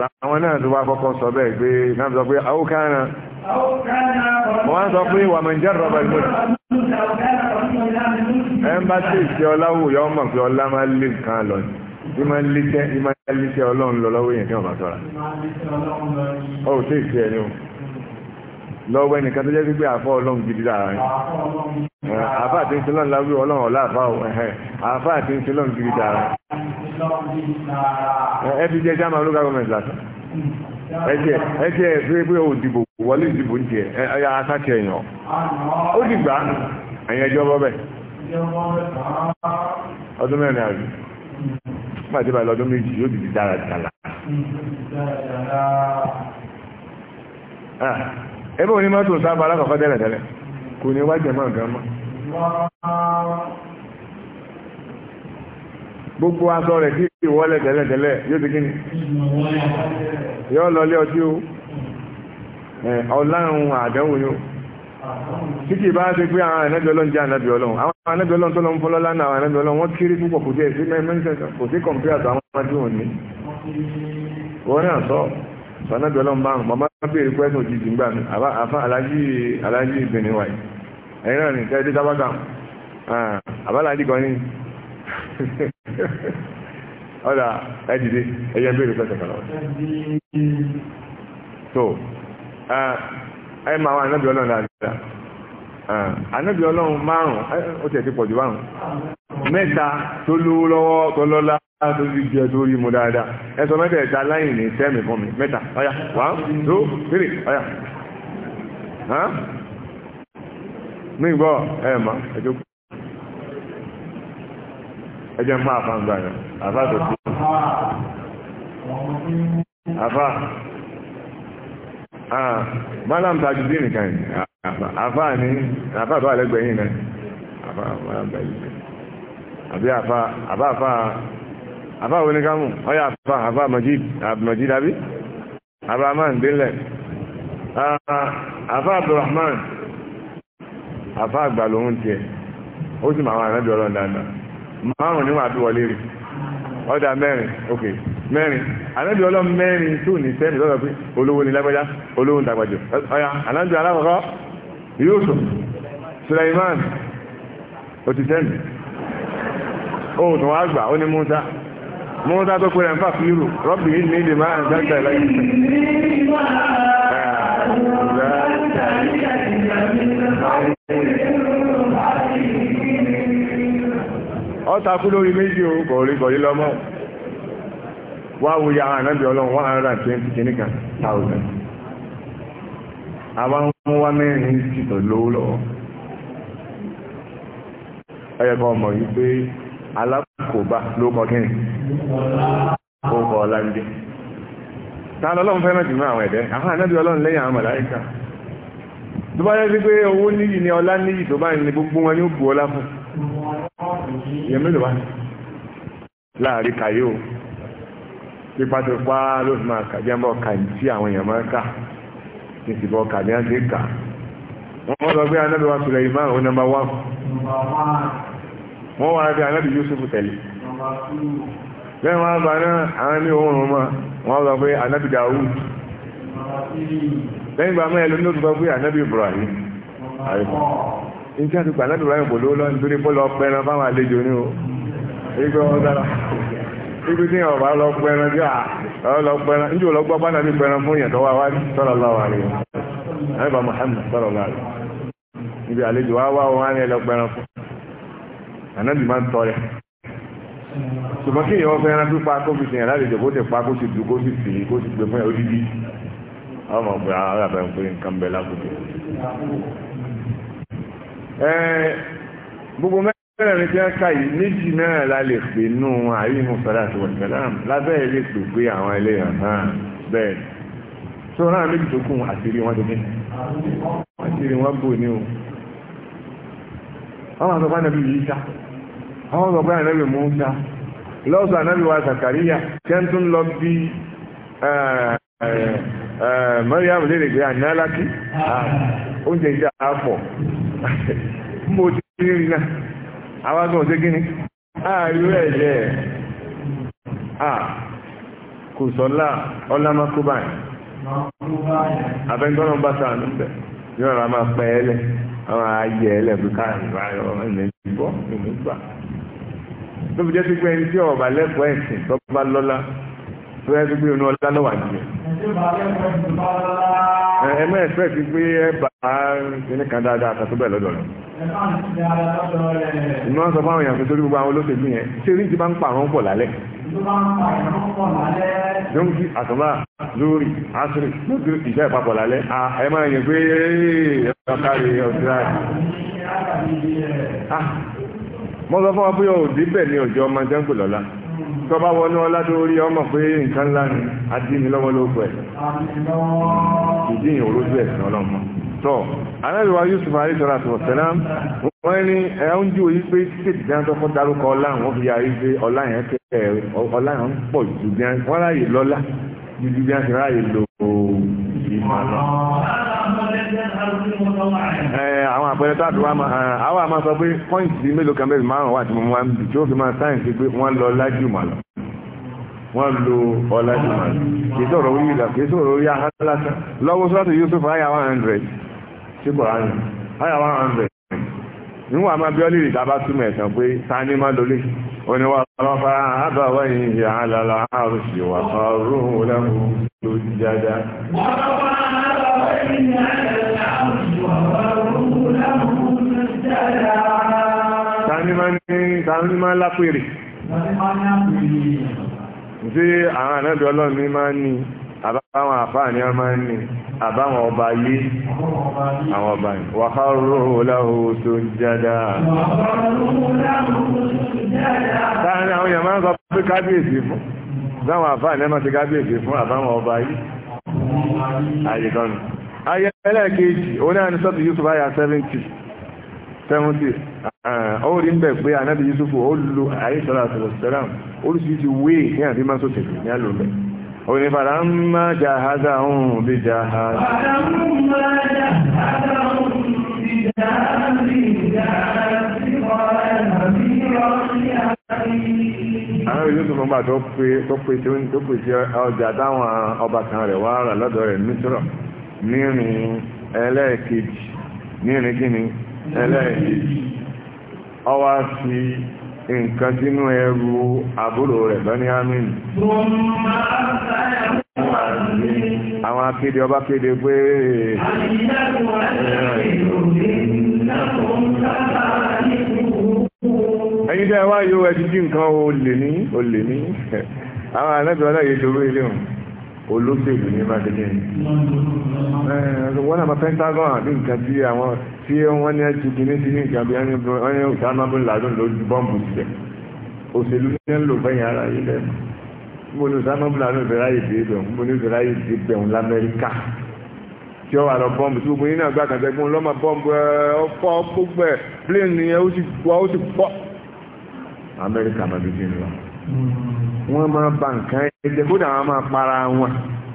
láwọn náà tó wá kọ́kọ́ sọ bẹ́ẹ̀ pé náà sọ pé àwòkára wọ́n sọ pé wà mọ̀ jẹ́ rọ̀bà ìmọ̀lẹ̀ ẹ̀mbá tí ìṣẹ́ ọláwò yọ mọ̀ pé ọlá máa lè nǹkan lọ ní ìmọ̀ líṣẹ́ ọlọ́run lọ lọ́wọ́ yẹn tí wọ́n bá sọ́ra ó tí ìṣẹ́ ẹni o lọ́wọ́ ẹnìkan tó jẹ́ pípé àfọ́ ọlọ́run gidi lára rẹ̀ àfá àti ìṣẹ́lọ́n láwí ọlọ́run ọ̀lá àfá ẹ̀hẹ́ àfá àti ìṣẹ́lọ́n gidi lára rẹ̀ ẹbí jẹ́ german local government lásán ẹjẹ́ ẹ̀ fẹ́ pé ó dìbò wọlé ìdìbò ń jẹ ẹ̀yà asákẹ́ èèyàn ó dìgbà ẹ̀yìn ẹjọ́ bọ́bẹ̀ ọdún mẹ́rin àrí pàtẹ́ báyìí lọ́dún méjì yóò dìdì dára dára ẹbí òní mọ́tò sábà alákọ̀ọ́kọ́ tẹ́lẹ̀ tẹ́lẹ̀ kò ní wájẹ̀ mọ́ nǹkan mọ́ gbogbo aṣọ rẹ̀ kí ìwọ́lẹ̀ tẹ́lẹ̀ tẹ́lẹ̀ yóò ti kíni yóò lọ lé ọtí o ọlọ́run àdánwò yóò tí kì bá ṣe pé àwọn ànábì ọlọ́run jẹ́ ànábì ọlọ́run àwọn ànábì ọlọ́run tó lọ ń fọlọ́lá náà àwọn ànábì ọlọ́run wọ́n kéré púpọ̀ kò sí kọ̀m̀pútà àwọn ànábì ọ̀nì wọ́n náà sọ sanadu ọlọ́run bá mọ̀ máa bèèrè pẹ́sùn òjijì gbà mí àfa alájí alájí ìbìnrin wáyé ẹ̀yìn náà ní tẹ́ẹ̀dé tábàkà àbálájí kan ní ọ̀dà ẹ̀dìdé ẹ̀yẹ bèèrè pẹ́sùn kan lọ. tó ẹ máa wà nábì ọlọ́run dáadáa Ah, ànábì ọlọ́run márùn ó tẹ̀ pọ̀jù márùn mẹ́ta tó lówó lọ́wọ́ tó lọ́lá tó rí jẹ tó rí mu dáadáa fún mi mẹ́ta ọ̀yà one two three ọ̀yà Ah, mọ́lá ń tajú dé nìkan afa ní afa àtọ́ àlẹ́gbẹ̀ẹ́ yìí náà àfá mọ́lá ń tajú dé. afa afa àfá àfá àfá oníkámù ọyá afa afa Majid àbí Abrahman délẹ̀. Ah, àfá Abdulrahman àfá àgbà lòun tiẹ̀ ó sì máa wà náà jọ ọlọ́run dáadáa. Márùn-ún níwọ̀n àbí wọlé rí ọ̀dà mẹ́rin ok mẹ́rin anábì ọlọ́run mẹ́rin tó ní sẹ́ẹ̀lì lọ́dọ̀ pé olówó ni lágbájá olówó ni tàgbàjọ ọ̀yà anábì alákọ̀ọ́kọ́ Yusuf Suleiman òtítẹ́ni ohun tó wá gbà ó ní Musa Musa tó pèrè ń fà fírù rọ́bì yìí ní ìdè máa ń dágbà láyé ọ lórí méjì o kò rí lọ́mọ́ wá ànábì ọlọ́run one hundred and twenty wa mẹ́rin ti tọ̀ lówó lọ́wọ́ ẹ yẹ kọ́ ọmọ yìí ta lọ́lọ́run àwọn ẹ̀dẹ́ àwọn ọlọ́run lẹ́yìn àwọn tó bá sí pé ìyẹn mélòó wá láàrin kàyé o pípa tó pa ló fi máa kà jẹ́mbọ́ kà tí àwọn èèyàn máa kà ní ìsìnbọn kà ní àti kà wọ́n sọ pé anábì wa Sulaiman ó nọ́mbà wá wọ́n wá bí anábì Yusuf tẹ̀lé lẹ́yìn wọn bá náà àwọn ní òun rùn mọ́ wọ́n sọ pé anábì Dawud lẹ́yìn gbàmọ́ ẹlòmínú tó sọ pé anábì Ibrahim ní tí a ti pàdé àdúrà ìbò lówó lọ nítorí bọ́ọ̀lù ọpẹ ẹran fáwọn àlejò ni o ìgbẹ́ wọn dára ibi tí yàn bá lọ pẹ ẹran tí àwọn lọ pẹ ẹran níjò lọ gbọ́ bá nàbí pẹ ẹran fún yàn tọ́wọ́ wájú sọ̀rọ̀ lọ́wọ́ rẹ̀ ẹ̀bà Muhammad sọ̀rọ̀ lọ́wọ́ rẹ̀ ibi àlejò wá wá wọn á ní ẹlọpẹ ẹran fún ànábì máa ń tọrẹ ṣùgbọ́n kí èèyàn fẹ́ ẹran tó pa kó fi ṣe yàn lálejò kó tẹ̀ pa kó sì dùn kó sì fì kó sì gbé fún yàn odidi gbogbo mẹ́rin tí wọ́n ká yìí méjì náà la lè pè nù àyè mùsàlá àti wàsálàm lábẹ́ ilé pè pé àwọn ẹlẹ́yàn náà bẹ́ẹ̀ tó náà méjì tó kún àṣírí wọn tẹ́lẹ̀ àṣírí wọn bò ní o àwọn àtọ́gbà nàbí yìí sá àwọn àtọ́gbà nàbí mú sá lọ́sọ̀ ànábì wa Zakariya tí wọ́n tún lọ bí Maryam lè rè pé àná lákì oúnjẹ ìjà àpọ̀ mo ti rí rí náà àwọn agbọ̀n ṣe gíní ààrí rẹ̀ jẹ́ à kò sọ́lá ọlámákóbá abẹ́ntọ́nà bá sàánú bẹ̀ yóò rà máa pẹ́ ẹlẹ̀ àwọn ayé ẹlẹ̀ bí káàkiri báyọ̀ ẹ̀mí gbọ́ ẹ̀mí gbà tó fi jẹ́ sí pé ẹni tí ọ̀bà lẹ́kọ̀ọ́ ẹ̀sìn tó bá lọ́lá tó ní kan dáadáa àtàtó bẹ́ẹ̀ lọ́dọ̀ rẹ̀. ìmọ̀ sọ fáwọn èèyàn torí gbogbo àwọn olóṣèlú yẹn ṣé rí ti bá ń pa àwọn pọ̀ lálẹ́. dóńkì àtúbà lórí asiri lójú ìṣe ìpapọ̀ lálẹ́ ẹ máa yẹn pé ẹ kárí ọ̀sẹ̀ mo sọ fún wa pé òdìbẹ̀ ni òjò ọmọ jẹ́ ń pè lọ́la tọba wọnú ọládó orí ọmọ pé nǹkan ńlá ni adínì lọ́wọ́ ló pẹ̀ ìdíyìn òrójú ẹ̀sìn ọlọ́mọ tọ́ anábìwá Yusuf àríṣọ́ra sọ̀tẹ́lám wọ́n ní ẹ̀hún jù yí pé títí dáná tó fún darúkọ ọlá àwọn fi yàrí pé ọlá yẹn kẹ ọlá yẹn pọ̀ jù bí wọ́n ráyè lọ́lá jù bí wọ́n ráyè lo ìmọ̀ náà àwọn àpẹẹrẹ táàbí wa máa àwọn àmà sọ pé pọ́ìntì mélòó kan bẹ́ẹ̀ márùn-ún wà tí mo máa ń bì tí ó fi máa sáyẹ̀nsì pé wọ́n lọ lájú mà lọ wọ́n lo ọlá jù mà lọ kì í sọ̀rọ̀ orí ìlà kì í sọ̀rọ̀ orí ahọ́n lọ́wọ́ sọ́tò Yusuf ayà one sí Kùránì ayà one níwọ̀n àmà bí ọlẹ́rì tàbá túmọ̀ ẹ̀sàn pé ta ní má lólé oníwà ọlọ́fà àbáwọ̀ yìí àlàlà àrùsì wà ọrùn lẹ́mú lójú jájá ta ní má lápèrè tí àwọn ànábì ọlọ́run ní má ní àbáwọn àfáà ní ọmọ ní àbáwọn ọba yí àwọn ọba yìí wa kharru lahu sujjada láàrin àwọn èèyàn máa ń sọ pé kábíyèsí fún láwọn àfáà ní ọmọ sí kábíyèsí fún àbáwọn ọba yí àyíkọ́nù ayẹ ẹlẹ́ẹ̀kejì oní àni sọ́tù Yusuf ayà 70 70 ó rí ń bẹ̀ pé anábì Yusuf ó lu àyíṣọ́lá àtọ̀lọ̀sẹ̀rán oríṣiríṣi wéè ní àfimásọ́tẹ̀ ní àlòmẹ́ òní falamma jahazahum bí jahaz àwọn ìlú fún bá tó pè tí ọjà táwọn ọba kan rẹ̀ wá rà lọ́dọ̀ rẹ̀ mísírọ̀ nírin ẹlẹ́ẹ̀kejì nírin kíni ẹlẹ́ẹ̀kejì ọwá sí nǹkan sínú ẹrù àbúrò rẹ̀ lọ́ní amin àwọn akéde ọba kéde pé ẹ̀yìn tẹ́ wá yóò ẹ̀jú jí nǹkan olè ní olè ní àwọn àlẹ́bẹ̀ọ́lá yìí tó rí ilé hùn olóṣèlú ní máa dédé ní. wọ́n náà máa pentagon àbí nǹkan tí àwọn tí wọ́n ní ẹtù kìíní sí ní ìjàmbá ẹni wọ́n ní Osama bin Laden ló ju bọ́ǹbù sílẹ̀ òṣèlú ní ń lò fẹ́yìn ara yìí lẹ́nu. mo ní Osama bin Laden fẹ́ ráyè dé ibẹ̀ mo ní fẹ́ ráyè dé ibẹ̀ òun lamẹ́ríkà tí ó wà lọ bọ́ǹbù tí gbogbo yín náà gbà kàn fẹ́ gbọ́n lọ́mọ bọ́ǹbù ẹ ọkọ̀ gbogbo ẹ pléènì wọ́n máa ba nǹkan ẹ̀jẹ̀ kódà wọ́n máa para wọn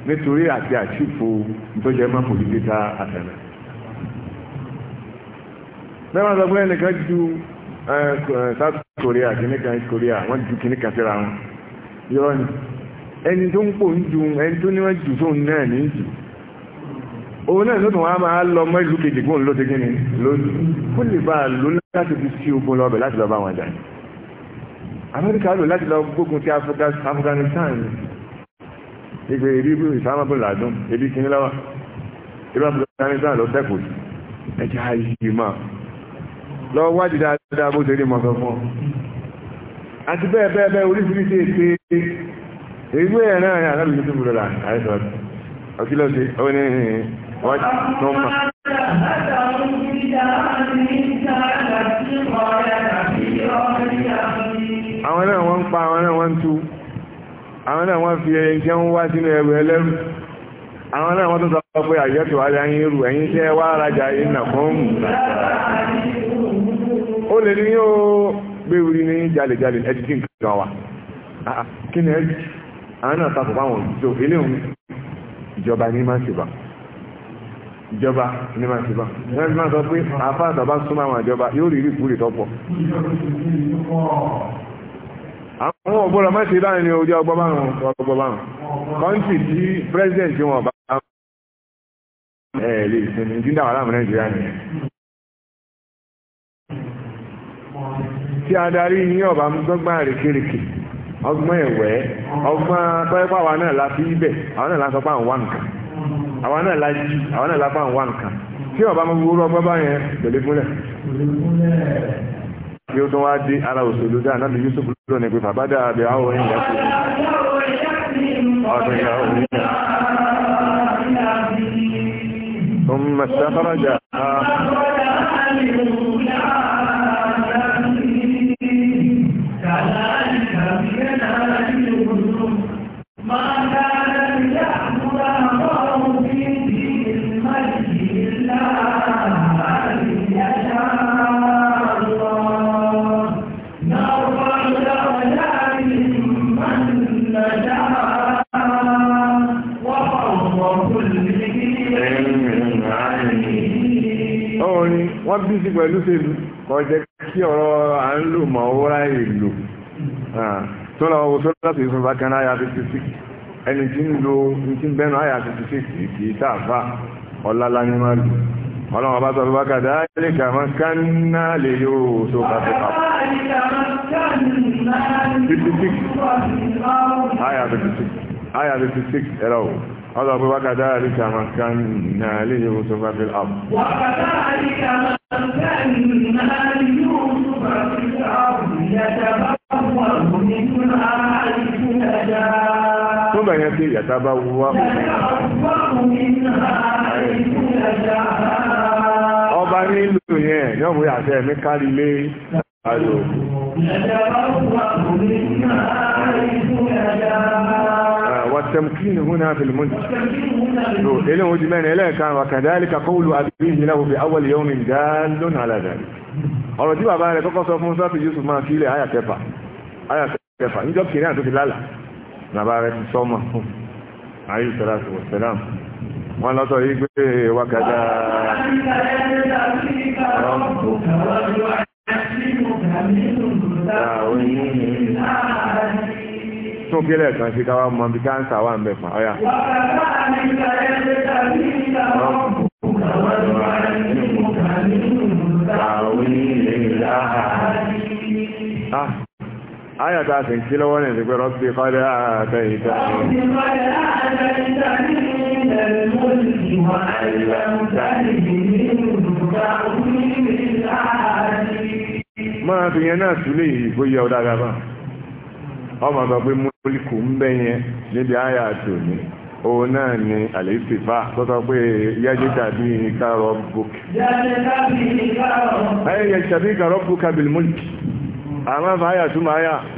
nítorí àti àṣìfò ìtọ́jẹ́ máa kò dídé ta àtẹ̀nà. bẹ́ẹ̀ máa sọ pé ẹnìkan ju South Korea kìnnìkan Korea wọ́n ju kìnnìkan síra wọn yọ ni ẹni tó ń pò ń ju ẹni tó níwọ̀n jù tóun náà ní jù òun náà lóòtù wọn a máa lọ mọ ìlú kejì gbóhùn ló ti gíní lónìí kó lè bá a lónìí láti fi sí ogun lọ bẹ̀ láti lọ bá wọn jà ní amẹ́ríkà lò láti lọ gbógun ti Afghanistan ìgbè ìrírí ìsámọ́bù làdún ebi kìíní lọ́wọ́ ìlú Afghanistan lọ tẹ́kù ẹjẹ́ ayé mọ́ lọ wádìí dáadáa bó ṣe rí mọ́ sọ fún àti bẹ́ẹ̀ bẹ́ẹ̀ bẹ́ẹ̀ oríṣiríṣi ète ìlú ẹ̀ náà ní alábìlú tó burú la àìsàn ọkìlọ̀ sí ó ní wọ́n tó mọ̀ Thank you àwọn náà wọ́n ń pa àwọn náà wọ́n ń tú àwọn náà wọ́n fi ẹyin tí wọ́n wá sínú ẹrù ẹlẹ́rù àwọn náà wọ́n tó sọ pé àyẹ́tò wáyé ayé rù ẹ̀yìn tẹ́ wá rajà ìnà fún ó lè ní ó gbéwìrì ní jalejale ẹ̀dìdì nǹkan wa ah, ah, kí ni ẹ̀dì àwọn ìjọba ní máa ń ṣèbà ìjọba ní sọ pé àfáàtà bá súnmọ́ àwọn ìjọba yóò rí ìrìkúrè tọ́pọ̀ àwọn ọ̀gbọ́dọ̀ má ṣe ní ojú ọgbọ́ márùn ọgbọ́ tí president wọn bá ẹ̀ lè sinmi tí ń nàìjíríà tí ní ọba gbọ́gbọ́n àrékèrèkè ọgbọ́n ẹ̀wẹ́ ọgbọ́n náà la fi ibẹ̀ náà la sọ pé àwọn wà nǹkan kí ó tún wá dé ara òṣèlú dáa náà Yusuf lọ ní pé fàbádà àbẹ̀ àwọn òyìn ìyàtọ̀ ọdún ìyà òyìn ثم استخرج كذلك بينا ما كان pẹ̀lú ṣèlú kọjẹ́ kí ọ̀rọ̀ à ń lò mọ̀ owó ráyè lò tó lọ wo sọ́dọ̀ láti ìfún bákan àyà 56 ẹni tí ń lo ti ń bẹ́nu àyà 56 kì í tààfà ọ̀lálá ní máa lò ọlọ́run ọba sọ bákan dáálé kàmá kánná lè yóò tó kàtó kàpọ̀ 56 àyà 56 àyà 56 ẹ̀rọ òun هذا هو مكان ناله يوسف في الأرض وكذلك مكنا يوسف في الأرض يتبوأ من حيث يشاء ثم يأتي يتبوأ من حيث يشاء أبا نيلو yẹn ní ọmọ yàtọ̀ ẹ̀mí kárí lé ayò. Ìjọba والتمكين هنا في المنزل إلى مجمعين إليه كان وكذلك قول أبيه له في أول يوم دال على ذلك ọ̀rọ̀ tí bàbá rẹ̀ kọ́kọ́ sọ fún sáfì Yusuf máa fi ilẹ̀ àyà kẹfà àyà kẹfà níjọ́ kìíní àti lálà bàbá rẹ̀ ti sọ́mọ̀ fún ayé ìṣẹ́lá sí wọ̀sẹ̀lám wọ́n lọ́tọ̀ yí pé wákàtà ọ̀rọ̀ tún kílẹ̀ kan sí káwá mọ bí káńsà wà ń bẹ̀ fún ọyà. Aya ah, ta sì ń kí lọ́wọ́ ní ìsìnkú rọ́bí kọ́lẹ̀ àtẹ ìta. Máa fi yẹn náà sílé ìgbóyẹ ọ̀dá gaba. ọmọ sọ pé múlíkù ń bẹ́ yẹn níbi àyà tòní òun náà ni àlèsìfà tó pé yájú tàbí ìkárọ̀ bùkì. yájú tàbí ìkárọ̀ bùkì bìl múlíkì àmọ́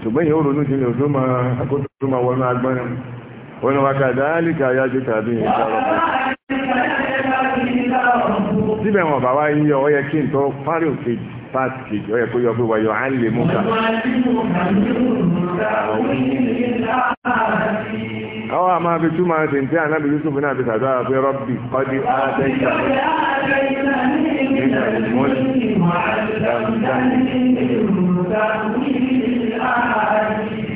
ṣùgbọ́n akótó tó máa wọnú yájú tàbí síbẹ̀ wọn bàbá yíyọ ọ yẹ kí n òkèjì pàtì kejì ọ̀yẹ̀ kó yọ pé wàyọ̀ á lè mú ká. àwọn àmọ́ àfi túmọ̀ àti ǹtẹ́ ànábì Yusuf náà fi sàdúrà pé rọ́bì kọ́dí àtẹ́yìntà nígbà ìmọ̀lì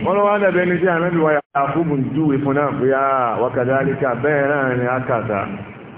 wọ́n lọ́wọ́ dàbẹ̀ ní sí ànábì wàyà fún bùndúwe fún náà ah, wákàtí àríkà bẹ́ẹ̀ náà ni a kàtà.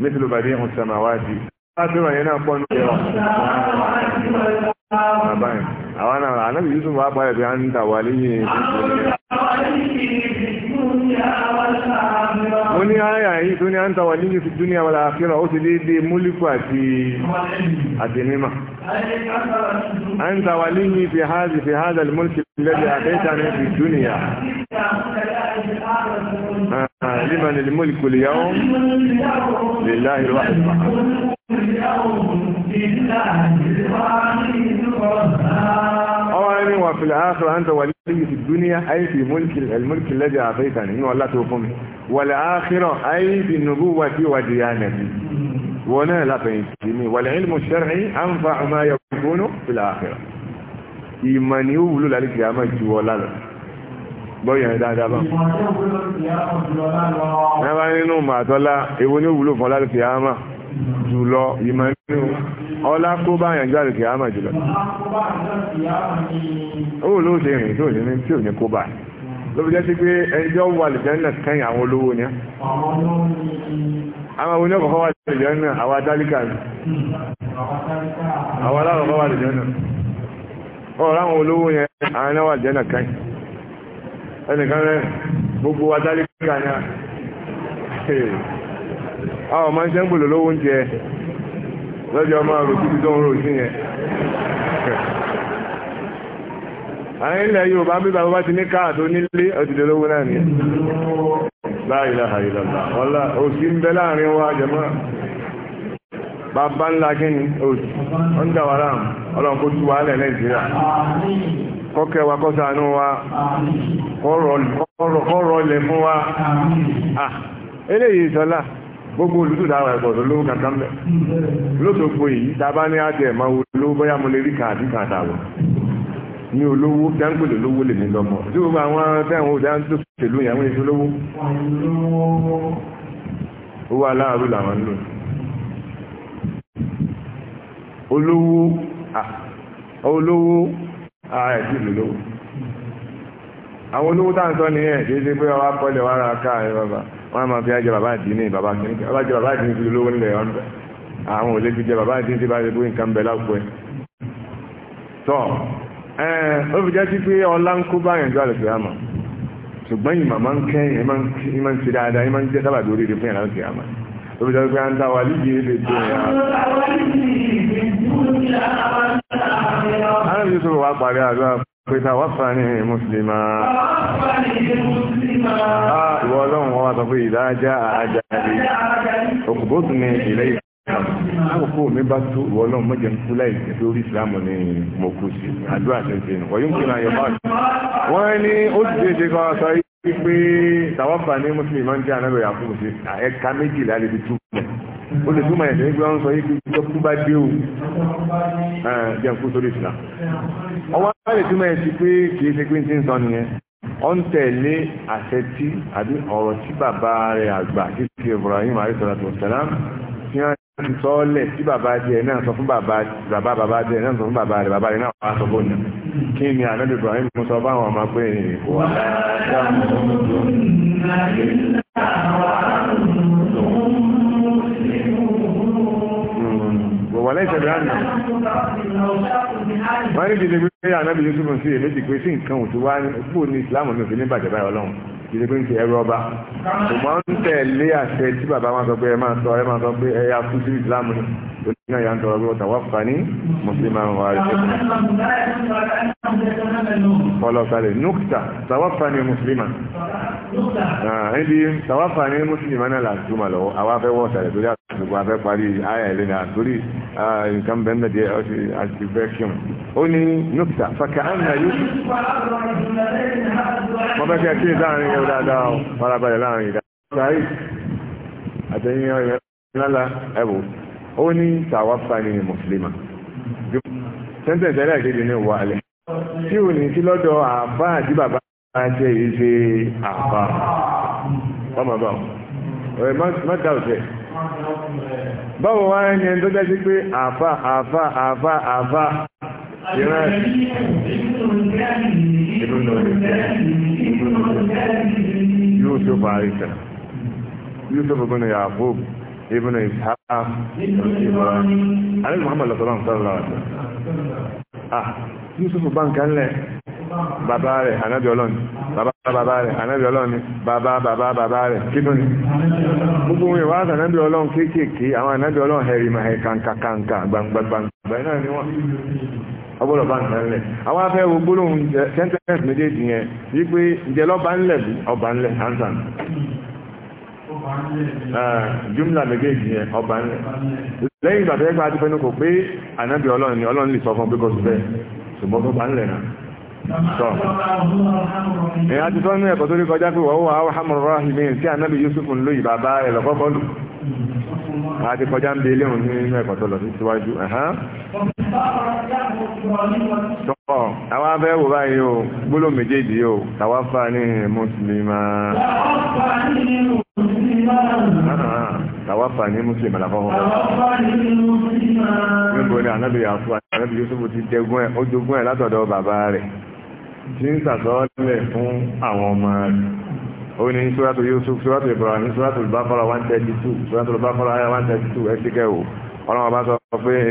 مثل بديع السماوات àbíwọ̀n yẹn náà pọ̀ ní ẹ̀rọ. àbáyìn àwọn náà ànábì yusuf wà pàdé bí a ń dà wà léyìn mo ní àyà yìí tó ní à ń tàwà níyìn fi dúníà wà láàfíà ó ti dédé múlíkù àti àdìmímà à ń tàwà níyìn fi háàzì fi háàzì alìmọ́lìkì lẹ́bí àfẹ́ta ní fi dúníà لمن الملك اليوم لله الواحد أولا وفي الآخرة أنت ولي في الدنيا أي في ملك الملك الذي أعطيتني ان الله توقمي والآخرة أي في النبوة وديانتي وأنا لا تنسيني والعلم الشرعي أنفع ما يكون في الآخرة إيمان يولو لك يا مجوى لك bọ́yọ̀ ẹ̀ dáadáa bá. ẹ bá nínú màtọ́lá èwo ní wúlò fún ọlálùkì àmà jùlọ ìmọ̀ nínú ọlá kó bá yànjú àlùkì àmà jùlọ. ó ló ṣe rìn tó ní tí ò ní kó bá ló fi jẹ́ sí pé ẹjọ́ wà lìjẹ́ náà kẹ́yìn àwọn olówó ni. àwọn àwọn oníkọ̀ọ́kọ́ wà lìjẹ́ náà àwọn adálíkà ni. àwọn aláwọ̀ kọ́ wà lìjẹ́ náà. ọ̀rọ̀ àwọn olówó yẹn àwọn náà wà lìjẹ́ náà kẹ́yìn ẹnìkan rẹ̀ gbogbo wa tálíkà ní àwọn ọmọ iṣẹ́ ń gbòlò lówó oúnjẹ lọ́jọ́ ọmọ rò síbi tó ń rò sí yẹn àyìn ilẹ̀ Yorùbá ń bíbá bá ti ní káà nílé ọ̀tìdẹ̀ lówó náà ni láìlà àìlàlà ọlá òsì ń bẹ láàrin wa jẹmọ́ bàbá ńlá kí ni òsì ọ́n dàwárà ọlọ́nkó tú wa lẹ̀ Nàìjíríà kọ́kẹ́ wa kọ́sànú wa kọ́rọ̀ ilẹ̀ fún wa eléyìí ìtọ́lá gbogbo olùdó dáwà ẹ̀gbọ̀dọ̀ lówó kàkà mẹ́ lótòpò yìí tàbá ní àti ẹ̀mà olówó bóyá mo lè rí kààdì kàtàwọ̀ ní olówó dáńgbèlè lówó lè ní lọ́mọ tí gbogbo àwọn tẹ́wọ̀n òdá ń tókè lóyìn àwọn èso lówó owó aláàrú làwọn ń lò olówó ara ẹ̀ dìlù lówó àwọn olówó tá à ń sọ nìyẹn kì í ṣe pé ọwọ́ akọ́lẹ̀ wàrà ká ẹ bàbá wọn máa fi ajẹ bàbá àdínní bàbá kìíní bàbá jẹ bàbá àdínní fi lówó nílẹ̀ ọ̀nbẹ àwọn ò lè fi jẹ bàbá àdínní ti bá ṣe bó nǹkan bẹ̀ láwùjọ ẹ̀ tọ́ ẹ̀ ó fi jẹ́ sí pé ọlá ń kó báyìí ju àlùkò àmà ṣùgbọ́n ìmọ̀ máa ń kẹ́ ẹ̀ Ànábì Yusuf wá parí àdúrà pé tawaffani mùsùlùmá. Ah, ìwọ ọlọ́run wọ́n wá sọ pé ìdájá àjáde. Òkùbótù ni ilé ìfẹ́. Àkókò mi bá tó ìwọ ọlọ́run mọ́jẹ̀ ń kú láì jẹ́ pé orí ìsìlámù ni mo kú sí. Àdúrà ti ń tẹnu. Wọ́n yóò kí náà yọ bá wọ́n ní ó ti ṣe ṣe kan sọ pé tawaffani mùsùlùmá ń jẹ́ ànábì Yàkúbù sí ẹ̀ka méjìlá lè fi tú ó lè túmọ̀ ẹ̀sẹ̀ nígbà wọn sọ yìí tó kú bá dé o jẹun kú sórí ìsìlá ọwọ́ á lè túmọ̀ ẹ̀sẹ̀ pé kì í ṣe pé ti ń sọ nìyẹn ó ń tẹ̀lé àṣẹ tí àbí ọ̀rọ̀ tí bàbá rẹ̀ àgbà tí ti Ibrahim alayhi salam tí wọ́n ti sọ lẹ̀ tí bàbá díẹ̀ náà sọ fún bàbá bàbá bàbá díẹ̀ náà sọ fún bàbá rẹ̀ bàbá rẹ̀ náà wàá sọ fún mi wà lẹ́sẹ̀ lánàá wọ́n ní kìí pé ànábì yóò túnbọ̀ sí èméjì pé sí nǹkan òtún wá pò ní ìsìláàmù mi ò fi ní bàjẹ́ báyọ̀ ọlọ́run kìí pé ń ti ẹrú ọba kò máa ń tẹ̀lé àṣẹ tí bàbá máa sọ pé ẹ máa sọ ẹ máa sọ pé ẹ yá kú sí ìsìláàmù ni náà yà ń tọrọ gbọ́ta wá fà ní musulman wà rí ṣẹ́kùn ọlọ́sàlẹ̀ núkta tàwáfà ní musulman ẹbí tàwáfà ní musulman náà làtúmà lọ́wọ́ àwọn afẹ́wọ́ sàrẹ̀ torí àtúgbò afẹ́ parí ayà ilé náà torí nǹkan bẹ́ẹ̀ mẹ́jẹ àti vacuum ó ní núkta fàkà án náà yóò wọ́n bẹ́ kí ẹ láàrin yóò dáadáa farabalẹ̀ láàrin ìdá ó ní tàwáfàní mùsùlùmá sẹ́ńtẹ̀ǹsì ẹlẹ́ẹ̀kejì ní ìwà alẹ́ tí ò ní sí lọ́dọ̀ àbá àti bàbá àti èyí ṣe àbá ọmọ bá ọ̀rẹ́ mọ́ta ọ̀sẹ̀ báwo wá ní ẹni tó jẹ́ sí pé àfà àfà àfà àfà ìran yóò tó parí tẹ̀ yóò tó gbogbo ní yàgò ibn ishaq ibn muhammad sallallahu alaihi ah yusuf banka nle baba rẹ̀ ànábì ọlọ́ni bàbá baba baba ànábì ọlọ́ni ni gbogbo wọn ìwà ànábì ọlọ́run kéékèèké àwọn ànábì ọlọ́run hẹ̀rìmà ẹ̀ kàǹkàǹkà gbàǹgbàǹgbà náà ni eh, hansan Ah, jumla méjèèjì yẹn ọba ń lẹ̀ lẹ́yìn ìgbà tó yẹ pé a ti fẹ́nu kò pé ànábì ọlọ́run ni ọlọ́run lè sọ fún pé kò sí bẹ́ẹ̀ ṣùgbọ́n tó bá ń lẹ̀ náà sọ èyí àti tọ́nú ẹ̀kọ́ tó rí kọjá pé wọ́n wà áwọ̀ hamar rahimin tí ànábì Yusuf ń lóyìn bàbá rẹ̀ lọ́kọ́kọ́ lù àti kọjá ń bẹ ilé òun nínú ẹ̀kọ́ tó lọ sí síwájú àwọn abẹ́wò báyìí o gbólò méjèèjì o tàwà fà ní mùsùlùmá tàwà fà ní mùsùlùmá lápapọ̀ nígbò ní ànábì àfúwà ànábì Yúsúfù ti jẹgún ẹ̀ ó jogún ẹ̀ látọ̀dọ̀ bàbá rẹ̀ tí ń sàtọ́lẹ̀ fún àwọn ọmọ rẹ̀ ó ní sóràtò Yúsúf sóràtò Ibrahim sóràtò Bákọ́rà 132 sóràtò Bákọ́rà 132 ẹ̀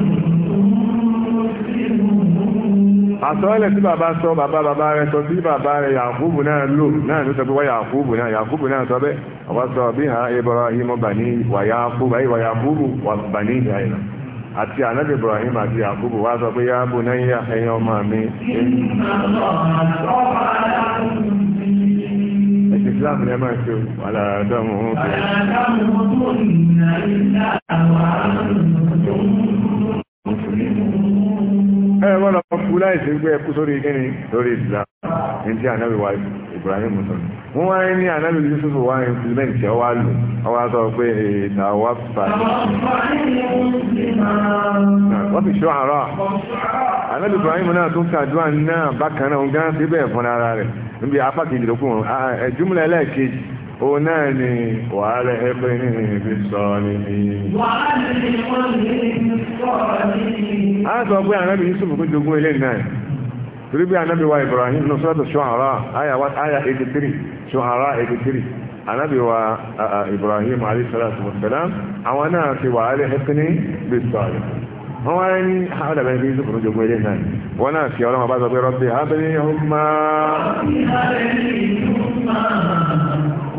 àsọ́ọ́lẹ̀ tí bàbá sọ bàbá bàbá rẹ̀ sọ sí bàbá rẹ̀ Yakubu náà lò náà ló sọ pé wá Yakubu náà Yakubu náà sọ bẹ́ẹ̀ ọba sọ bí ha Ibrahim bani wà Yakubu ayé wà Yakubu wà bani ìhàyìnà àti ànábì Ibrahim àti Yakubu wá sọ pé yáàbù náà yá ẹyin ọmọ mi. Islam ni ẹ máa ṣe wàhálà àdámù ọ̀hún. Àdámù ọ̀hún ni àìsàn àwọn àrùn tó ń mú. ẹ wọ́n lọ fún láìsí gbé ẹkú sórí kíni lórí Islam ní tí ànábì wa Ibrahim sọ wọ́n wá ní ànábì Yusuf wá ní implement ọ wá lò ọ pé ètò àwa fà wọ́n fi ṣọ́ àárọ̀ ànábì Ibrahim náà tún ṣàdúrà náà bákan náà ń gán síbẹ̀ fún ara rẹ̀ níbi apá kejì òun náà ni wàhálà ẹgbẹ́ ní ibi sọ ní ní a sọ pé ànábì yusuf kó jogún ilé náà torí bí ànábì wa ibrahim lọ sọ́dọ̀ ṣọ́hárá àyà 83 ṣọ́hárá 83 ànábì wa ibrahim alayhisalatu wasalam àwọn náà ti wàhálà ẹgbẹ́ ní ibi sọ ní wọ́n wá ní àádà bẹ̀rẹ̀ yusuf kó jogún ilé náà wọ́n náà fi ọlọ́mọ bá sọ pé rọ́bì hábẹ́lì ọmọ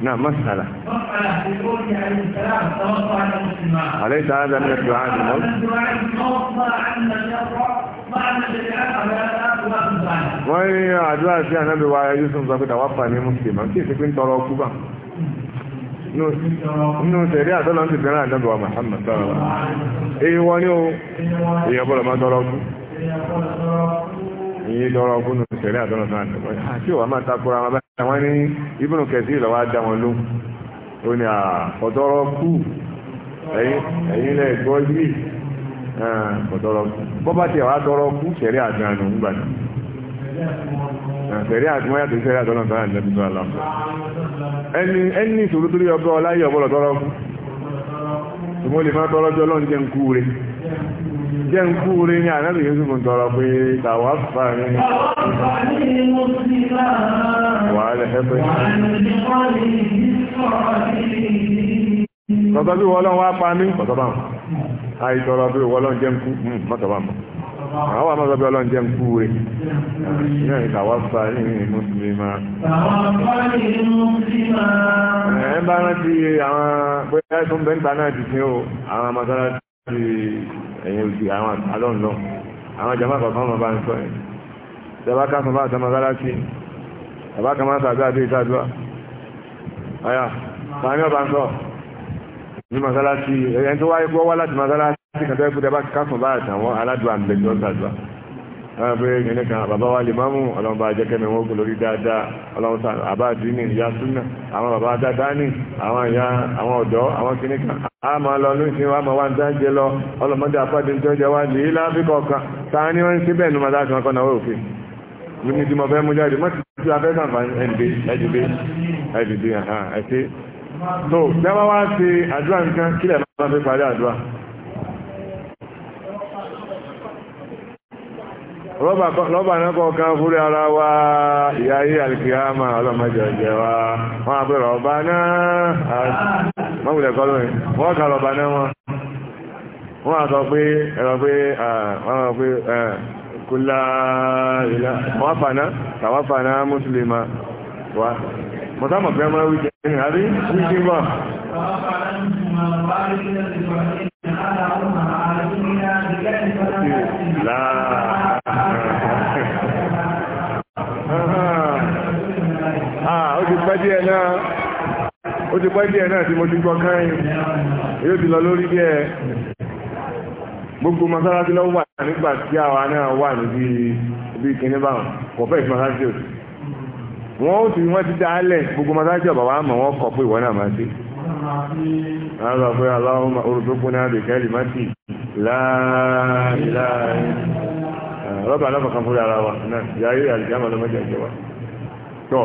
نعم مسألة أليس هذا من الدعاء الموت؟ wọ́n ní àdúrà sí ànábì wa yusuf sọ pé tàwa pàmí mùsùlùmí kí èsì pín tọrọ ọkú bá nínú sẹ̀rí àtọ́lọ́ ń ti fẹ́ràn ànábì wa Muhammad sọ́rọ̀ èyí wọ́n ní o èyí ọ̀bọ̀lọ̀ máa tọrọ ọkú èyí lọ́rọ̀ búnú sẹ̀rí àdọ́nà náà nìkan àti òwà máa takora wọn báyìí àwọn ní ibùnú kẹsí ìlọ́wọ́ dá wọn lóhùn ó ní ọ̀dọ́rọ̀ kú ẹ̀yìn lẹ̀ gbọ́ yìí ọ̀dọ́rọ̀ kú bọ́ bá ti àwọn adọ́rọ̀ kú sẹ̀rí àdọ́nà nù ń gbà náà sẹ̀rí ìṣòro tó rí ọgbọ́ ọláyé ọgbọ́lọ̀ tọ́rọ̀ kú ṣùgbọ́n lè má tọ́rọ́ jọ lọ́njẹ́ ń kú rẹ̀ jẹ́ ń kú orí ní ànábì Yusuf ń tọrọ pé tàwa fà ní wàhálà ẹgbẹ́ tọ́tọ́ bí wọ́n lọ́n wá pa mí tọ́tọ́ bá mọ̀ àìtọ́rọ bí wọ́n lọ́n jẹ́ ń kú mọ́tọ́ bá mọ̀ àwọn àmọ́ sọ bí ọlọ́run jẹ́ ń kú rẹ̀ náà ní tàwa fà ní mùsùlùmá ẹ̀ bá ẹ̀yìn ojú àwọn alọ́nà àwọn jama kọ̀ọ̀kan ọmọ bá ń sọ ẹ̀ tẹ́bá kásán bá àtàmà gálásì ẹ̀bá kan máa tàbí àti ìtàdúrà ọ̀yà tàbí ọba ń sọ ní mọ́sálásì ẹ̀yẹn tó wáyé pọ́ wá láti mọ́sálásì kàtẹ́ pé yẹn kan bàbá wa lè máa mú ọlọ́run bá jẹ́ kẹ́mi wọ́n gbọ́ lórí dáadáa ọlọ́run sàn àbá dínì ìyá súnà àwọn bàbá dáadáa ní àwọn ìyá àwọn ọ̀dọ́ àwọn kìnnì kan a máa lọ lóṣì wa máa wá ń dá jẹ lọ ọlọ́mọdé àpáde ń tọ́jà wá lè láfíkọ̀ kan ta ni wọ́n ń ṣe bẹ́ẹ̀ nu màdá kan kọ́nà òfin ní ti mọ̀ fẹ́ mú jáde mọ́ ti afẹ́ sàǹfààní ẹ̀dìdé ẹ̀dìdé tó tẹ́wọ́ wá lọ́bà náà kọ̀ọ̀kan fúrí ara wa ìyá ayé alìkìyàmà ọlọ́mọdé ọ̀jẹ̀ wa wọ́n àpẹ rọ̀bà náà mọ́wùlẹ̀ kọ́ lóyìn wọ́n kà rọ̀bà náà wọn wọ́n àtọ́ pé ẹ̀rọ pé wọ́n rọ̀ pé kúlá ìlà wáfàná tàwáfàná mùsùlùmá wa mọ̀tàmọ̀ pé ọmọ wíjẹ ní àrí wíjẹ pẹ́ díẹ̀ náà ó ti pẹ́ díẹ̀ náà tí mo ti gbọ́ káyìn yóò ti lọ lórí díẹ̀ gbogbo masalasi lọ wà nígbà tí àwa náà wà níbi ibi kíní báwọn kò fẹ́ ìfún òsì wọn ó sì ti dá alẹ̀ gbogbo masalasi ọ̀bà wa mọ̀ kọ̀ pé ìwọ náà máa a pé aláwọ̀ orúkọ náà lè kẹ́lì má tì láàrín rọ́bà náà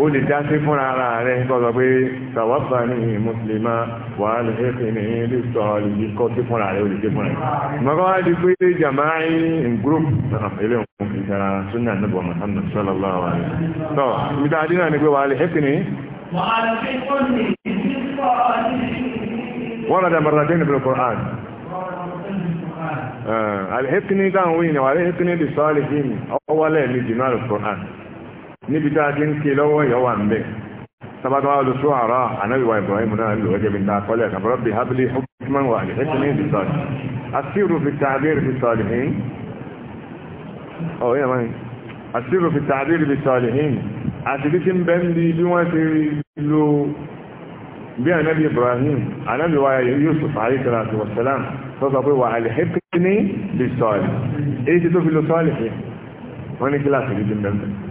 ó lè dá sí fúnra ara rẹ̀ kọ́sọ̀ pé sàwọ́fà ní mùsùlùmá wà ní ẹ̀kì ní ilé sọ̀rọ̀ yìí kọ́ sí fúnra rẹ̀ ó lè dé fúnra rẹ̀. mọ́kàn wá di pé jàmbá in group ah, ilé òun ìtara sunna níbo Muhammad sallallahu alaihi wa tọ́ ibi tá ni pé wà ní ẹ̀kì ní. wọ́n rọ̀dà mọ̀rọ̀dà ní Qur'an. Ah, alhikini táwọn wíyìn wà ní ẹ̀kì ní bí sọ́ọ̀lì níbi tá a ti ń ké lọ́wọ́ yọ wà ń bẹ̀ sábàtà wà lóṣù àrà ànábìwà Ibrahim náà lò ẹjẹ bíi dákọ́lẹ̀ kàbọ̀rọ̀ bíi habili hukman wà ní ẹkùn ní ìsọ̀lẹ̀ asiru fi tàbír fi salihin ọ̀hún yàmá asiru fi tàbír fi salihin àti bí ti ń bẹ́ ń di bí wọ́n ti lo bí ànábì Ibrahim ànábìwà Yusuf alayhi salatu wa salam tó sọ pé wà alihekini bi sọ̀lẹ̀ èyí ti tó fi lo sọ̀lẹ̀ wọ́n ní kíláàsì ti ń bẹ́ ń bẹ́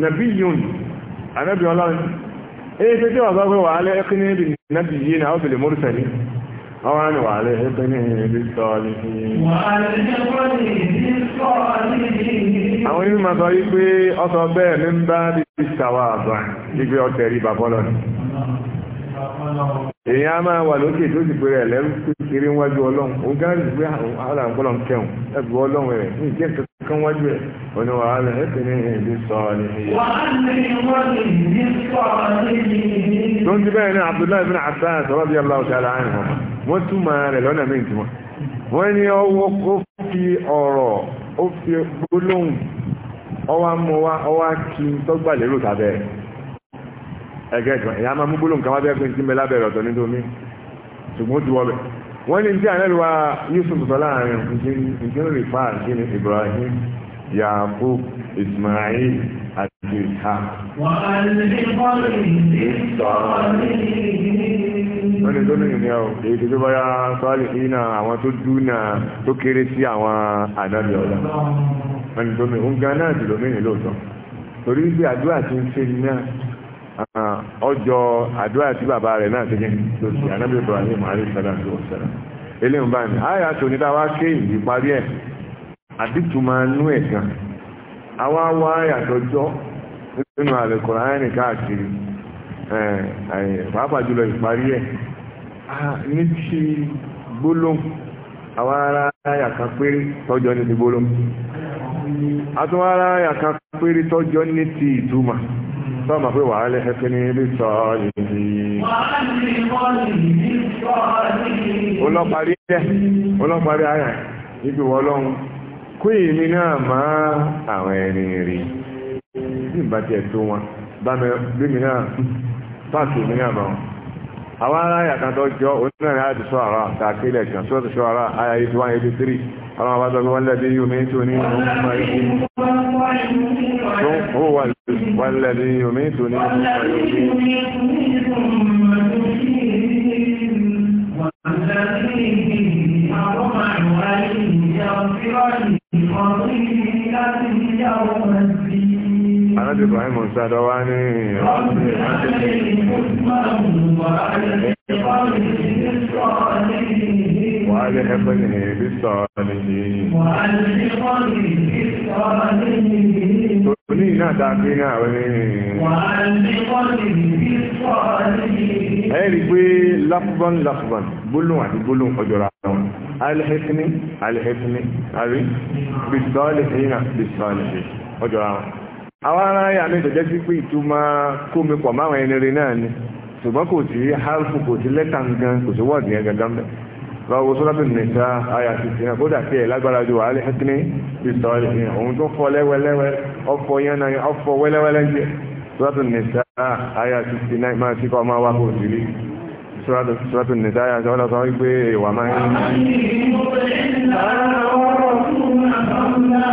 nàbí yun anábì ọlọ́run èyí tó tí wọ́n sọ pé wàhálẹ́ ẹkíní bí nàbí yìí náà ó fi lè mú sẹ́ni ọwọ́ ni wàhálẹ́ ẹkíní bí sọ́ọ̀lì àwọn onímọ̀ sọ yí pé ọsọ èyí á máa wà lókè tó sì pé rẹ̀ wájú ọlọ́run ó gá rí pé àlà ń kẹun ẹ̀bù ọlọ́run rẹ̀ ní ìjẹ́ kankan wájú ẹ̀ ọ̀nà wàhálà ẹ̀sìn ní ìlú sọ ní tó ń ti bẹ́ẹ̀ Abdullahi bin sọ̀rọ̀ bí rẹ̀ wọ́n ọwọ́ tọ́gbà lérò ẹ̀kẹ́kọ̀ ìyá máa mú gbólóhùn káwá bẹ́ẹ̀ tí ń bẹ lábẹ́rẹ̀ ọ̀tọ̀ nínú omi ṣùgbọ́n ti wọ́bẹ̀ wọ́n ní tí àná wa Yusuf sọ láàrin ìṣẹ́nu lè fa àti ní Ibrahim Yakub Ismail àti ìta. wọ́n ní tó ní ìyá o èyí tó bá yá sọ́ọ́lì ìyínà àwọn tó dúnà tó kéré sí àwọn ànábì ọ̀la wọ́n ní tó ní òun gan náà jùlọ mí nílò sọ torí bí àdúrà ti ń ṣe ní náà ọjọ́ àdúrà tí bàbá rẹ̀ náà ti gẹ́ anábì Ibrahim eléyìí bá ní àyà tó ní táwa ké ìdí parí ẹ̀ àdìtú nú ẹ̀ gan àwa àyà tó jọ nínú àlùkòrò ti gbólóhùn àyà kan péré ní ti gbólóhùn àtúwárá àyà kan péré ní sọ́mà pé wà á lè hẹ́fẹ́ ní ibi sọ ìdí olọ́parí jẹ́ olọ́parí ayà ibi wọlọ́run kú ìmì náà máa àwọn ẹni rí bí tó wọn bá náà náà bá wọn àwọn ará yàtọ̀ tó jọ onínàní àti sọ àrà tàkílẹ̀ kan tó ti sọ àrà àyà ìtú wáyé bí tírì ọmọ bá tọ́gbọ́n wọ́n lẹ́bí yóò mí tó ní ọmọ ìlú anábì Ibrahim sádọ́ wá ní wàhálẹ̀ ẹ̀fẹ́ ní ìbí sọ̀rọ̀ nìyí ní iná dábí náà wọ́n ní ẹ̀rí pé láfúbọ́n láfúbọ́n gbólóhùn àti gbólóhùn ọjọ́ra wọn alẹ́hẹ́fẹ́ni alẹ́hẹ́fẹ́ni àrí bìtọ́lẹ̀ ẹ̀yìn àti bìtọ́lẹ̀ ẹ̀yìn ọjọ́ra wọn àwọn ará ayà mi tọ̀jẹ́ sí pé ìtumọ̀ kómi pọ̀ máwọn ẹni rẹ náà ni ṣùgbọ́n kò sí hálfù kò sí lẹ́tà gan kò sí wọ́ọ̀dì yẹn gangan bẹ́ẹ̀ lọ́wọ́ sọ́dọ̀tì nìta ayà ti fi hàn kódà tiẹ̀ lágbára ju wàhálẹ̀ hẹ́tìní ìsọ̀rọ̀ ìfihàn òun tó fọ lẹ́wẹ́lẹ́wẹ́ ọ̀fọ̀ yẹn náà ọ̀fọ̀ wẹ́lẹ́wẹ́lẹ́ jẹ sọ́dọ̀tì nìta ayà ti fi náà máa ti kọ́ máa wá kó sí rí sọ́dọ̀tì nìta ayà ti ọlọ́sọ wípé ìwà máa ń. àmì ìmúlẹ̀ ìlà ọ̀rọ̀ fún àbámúlá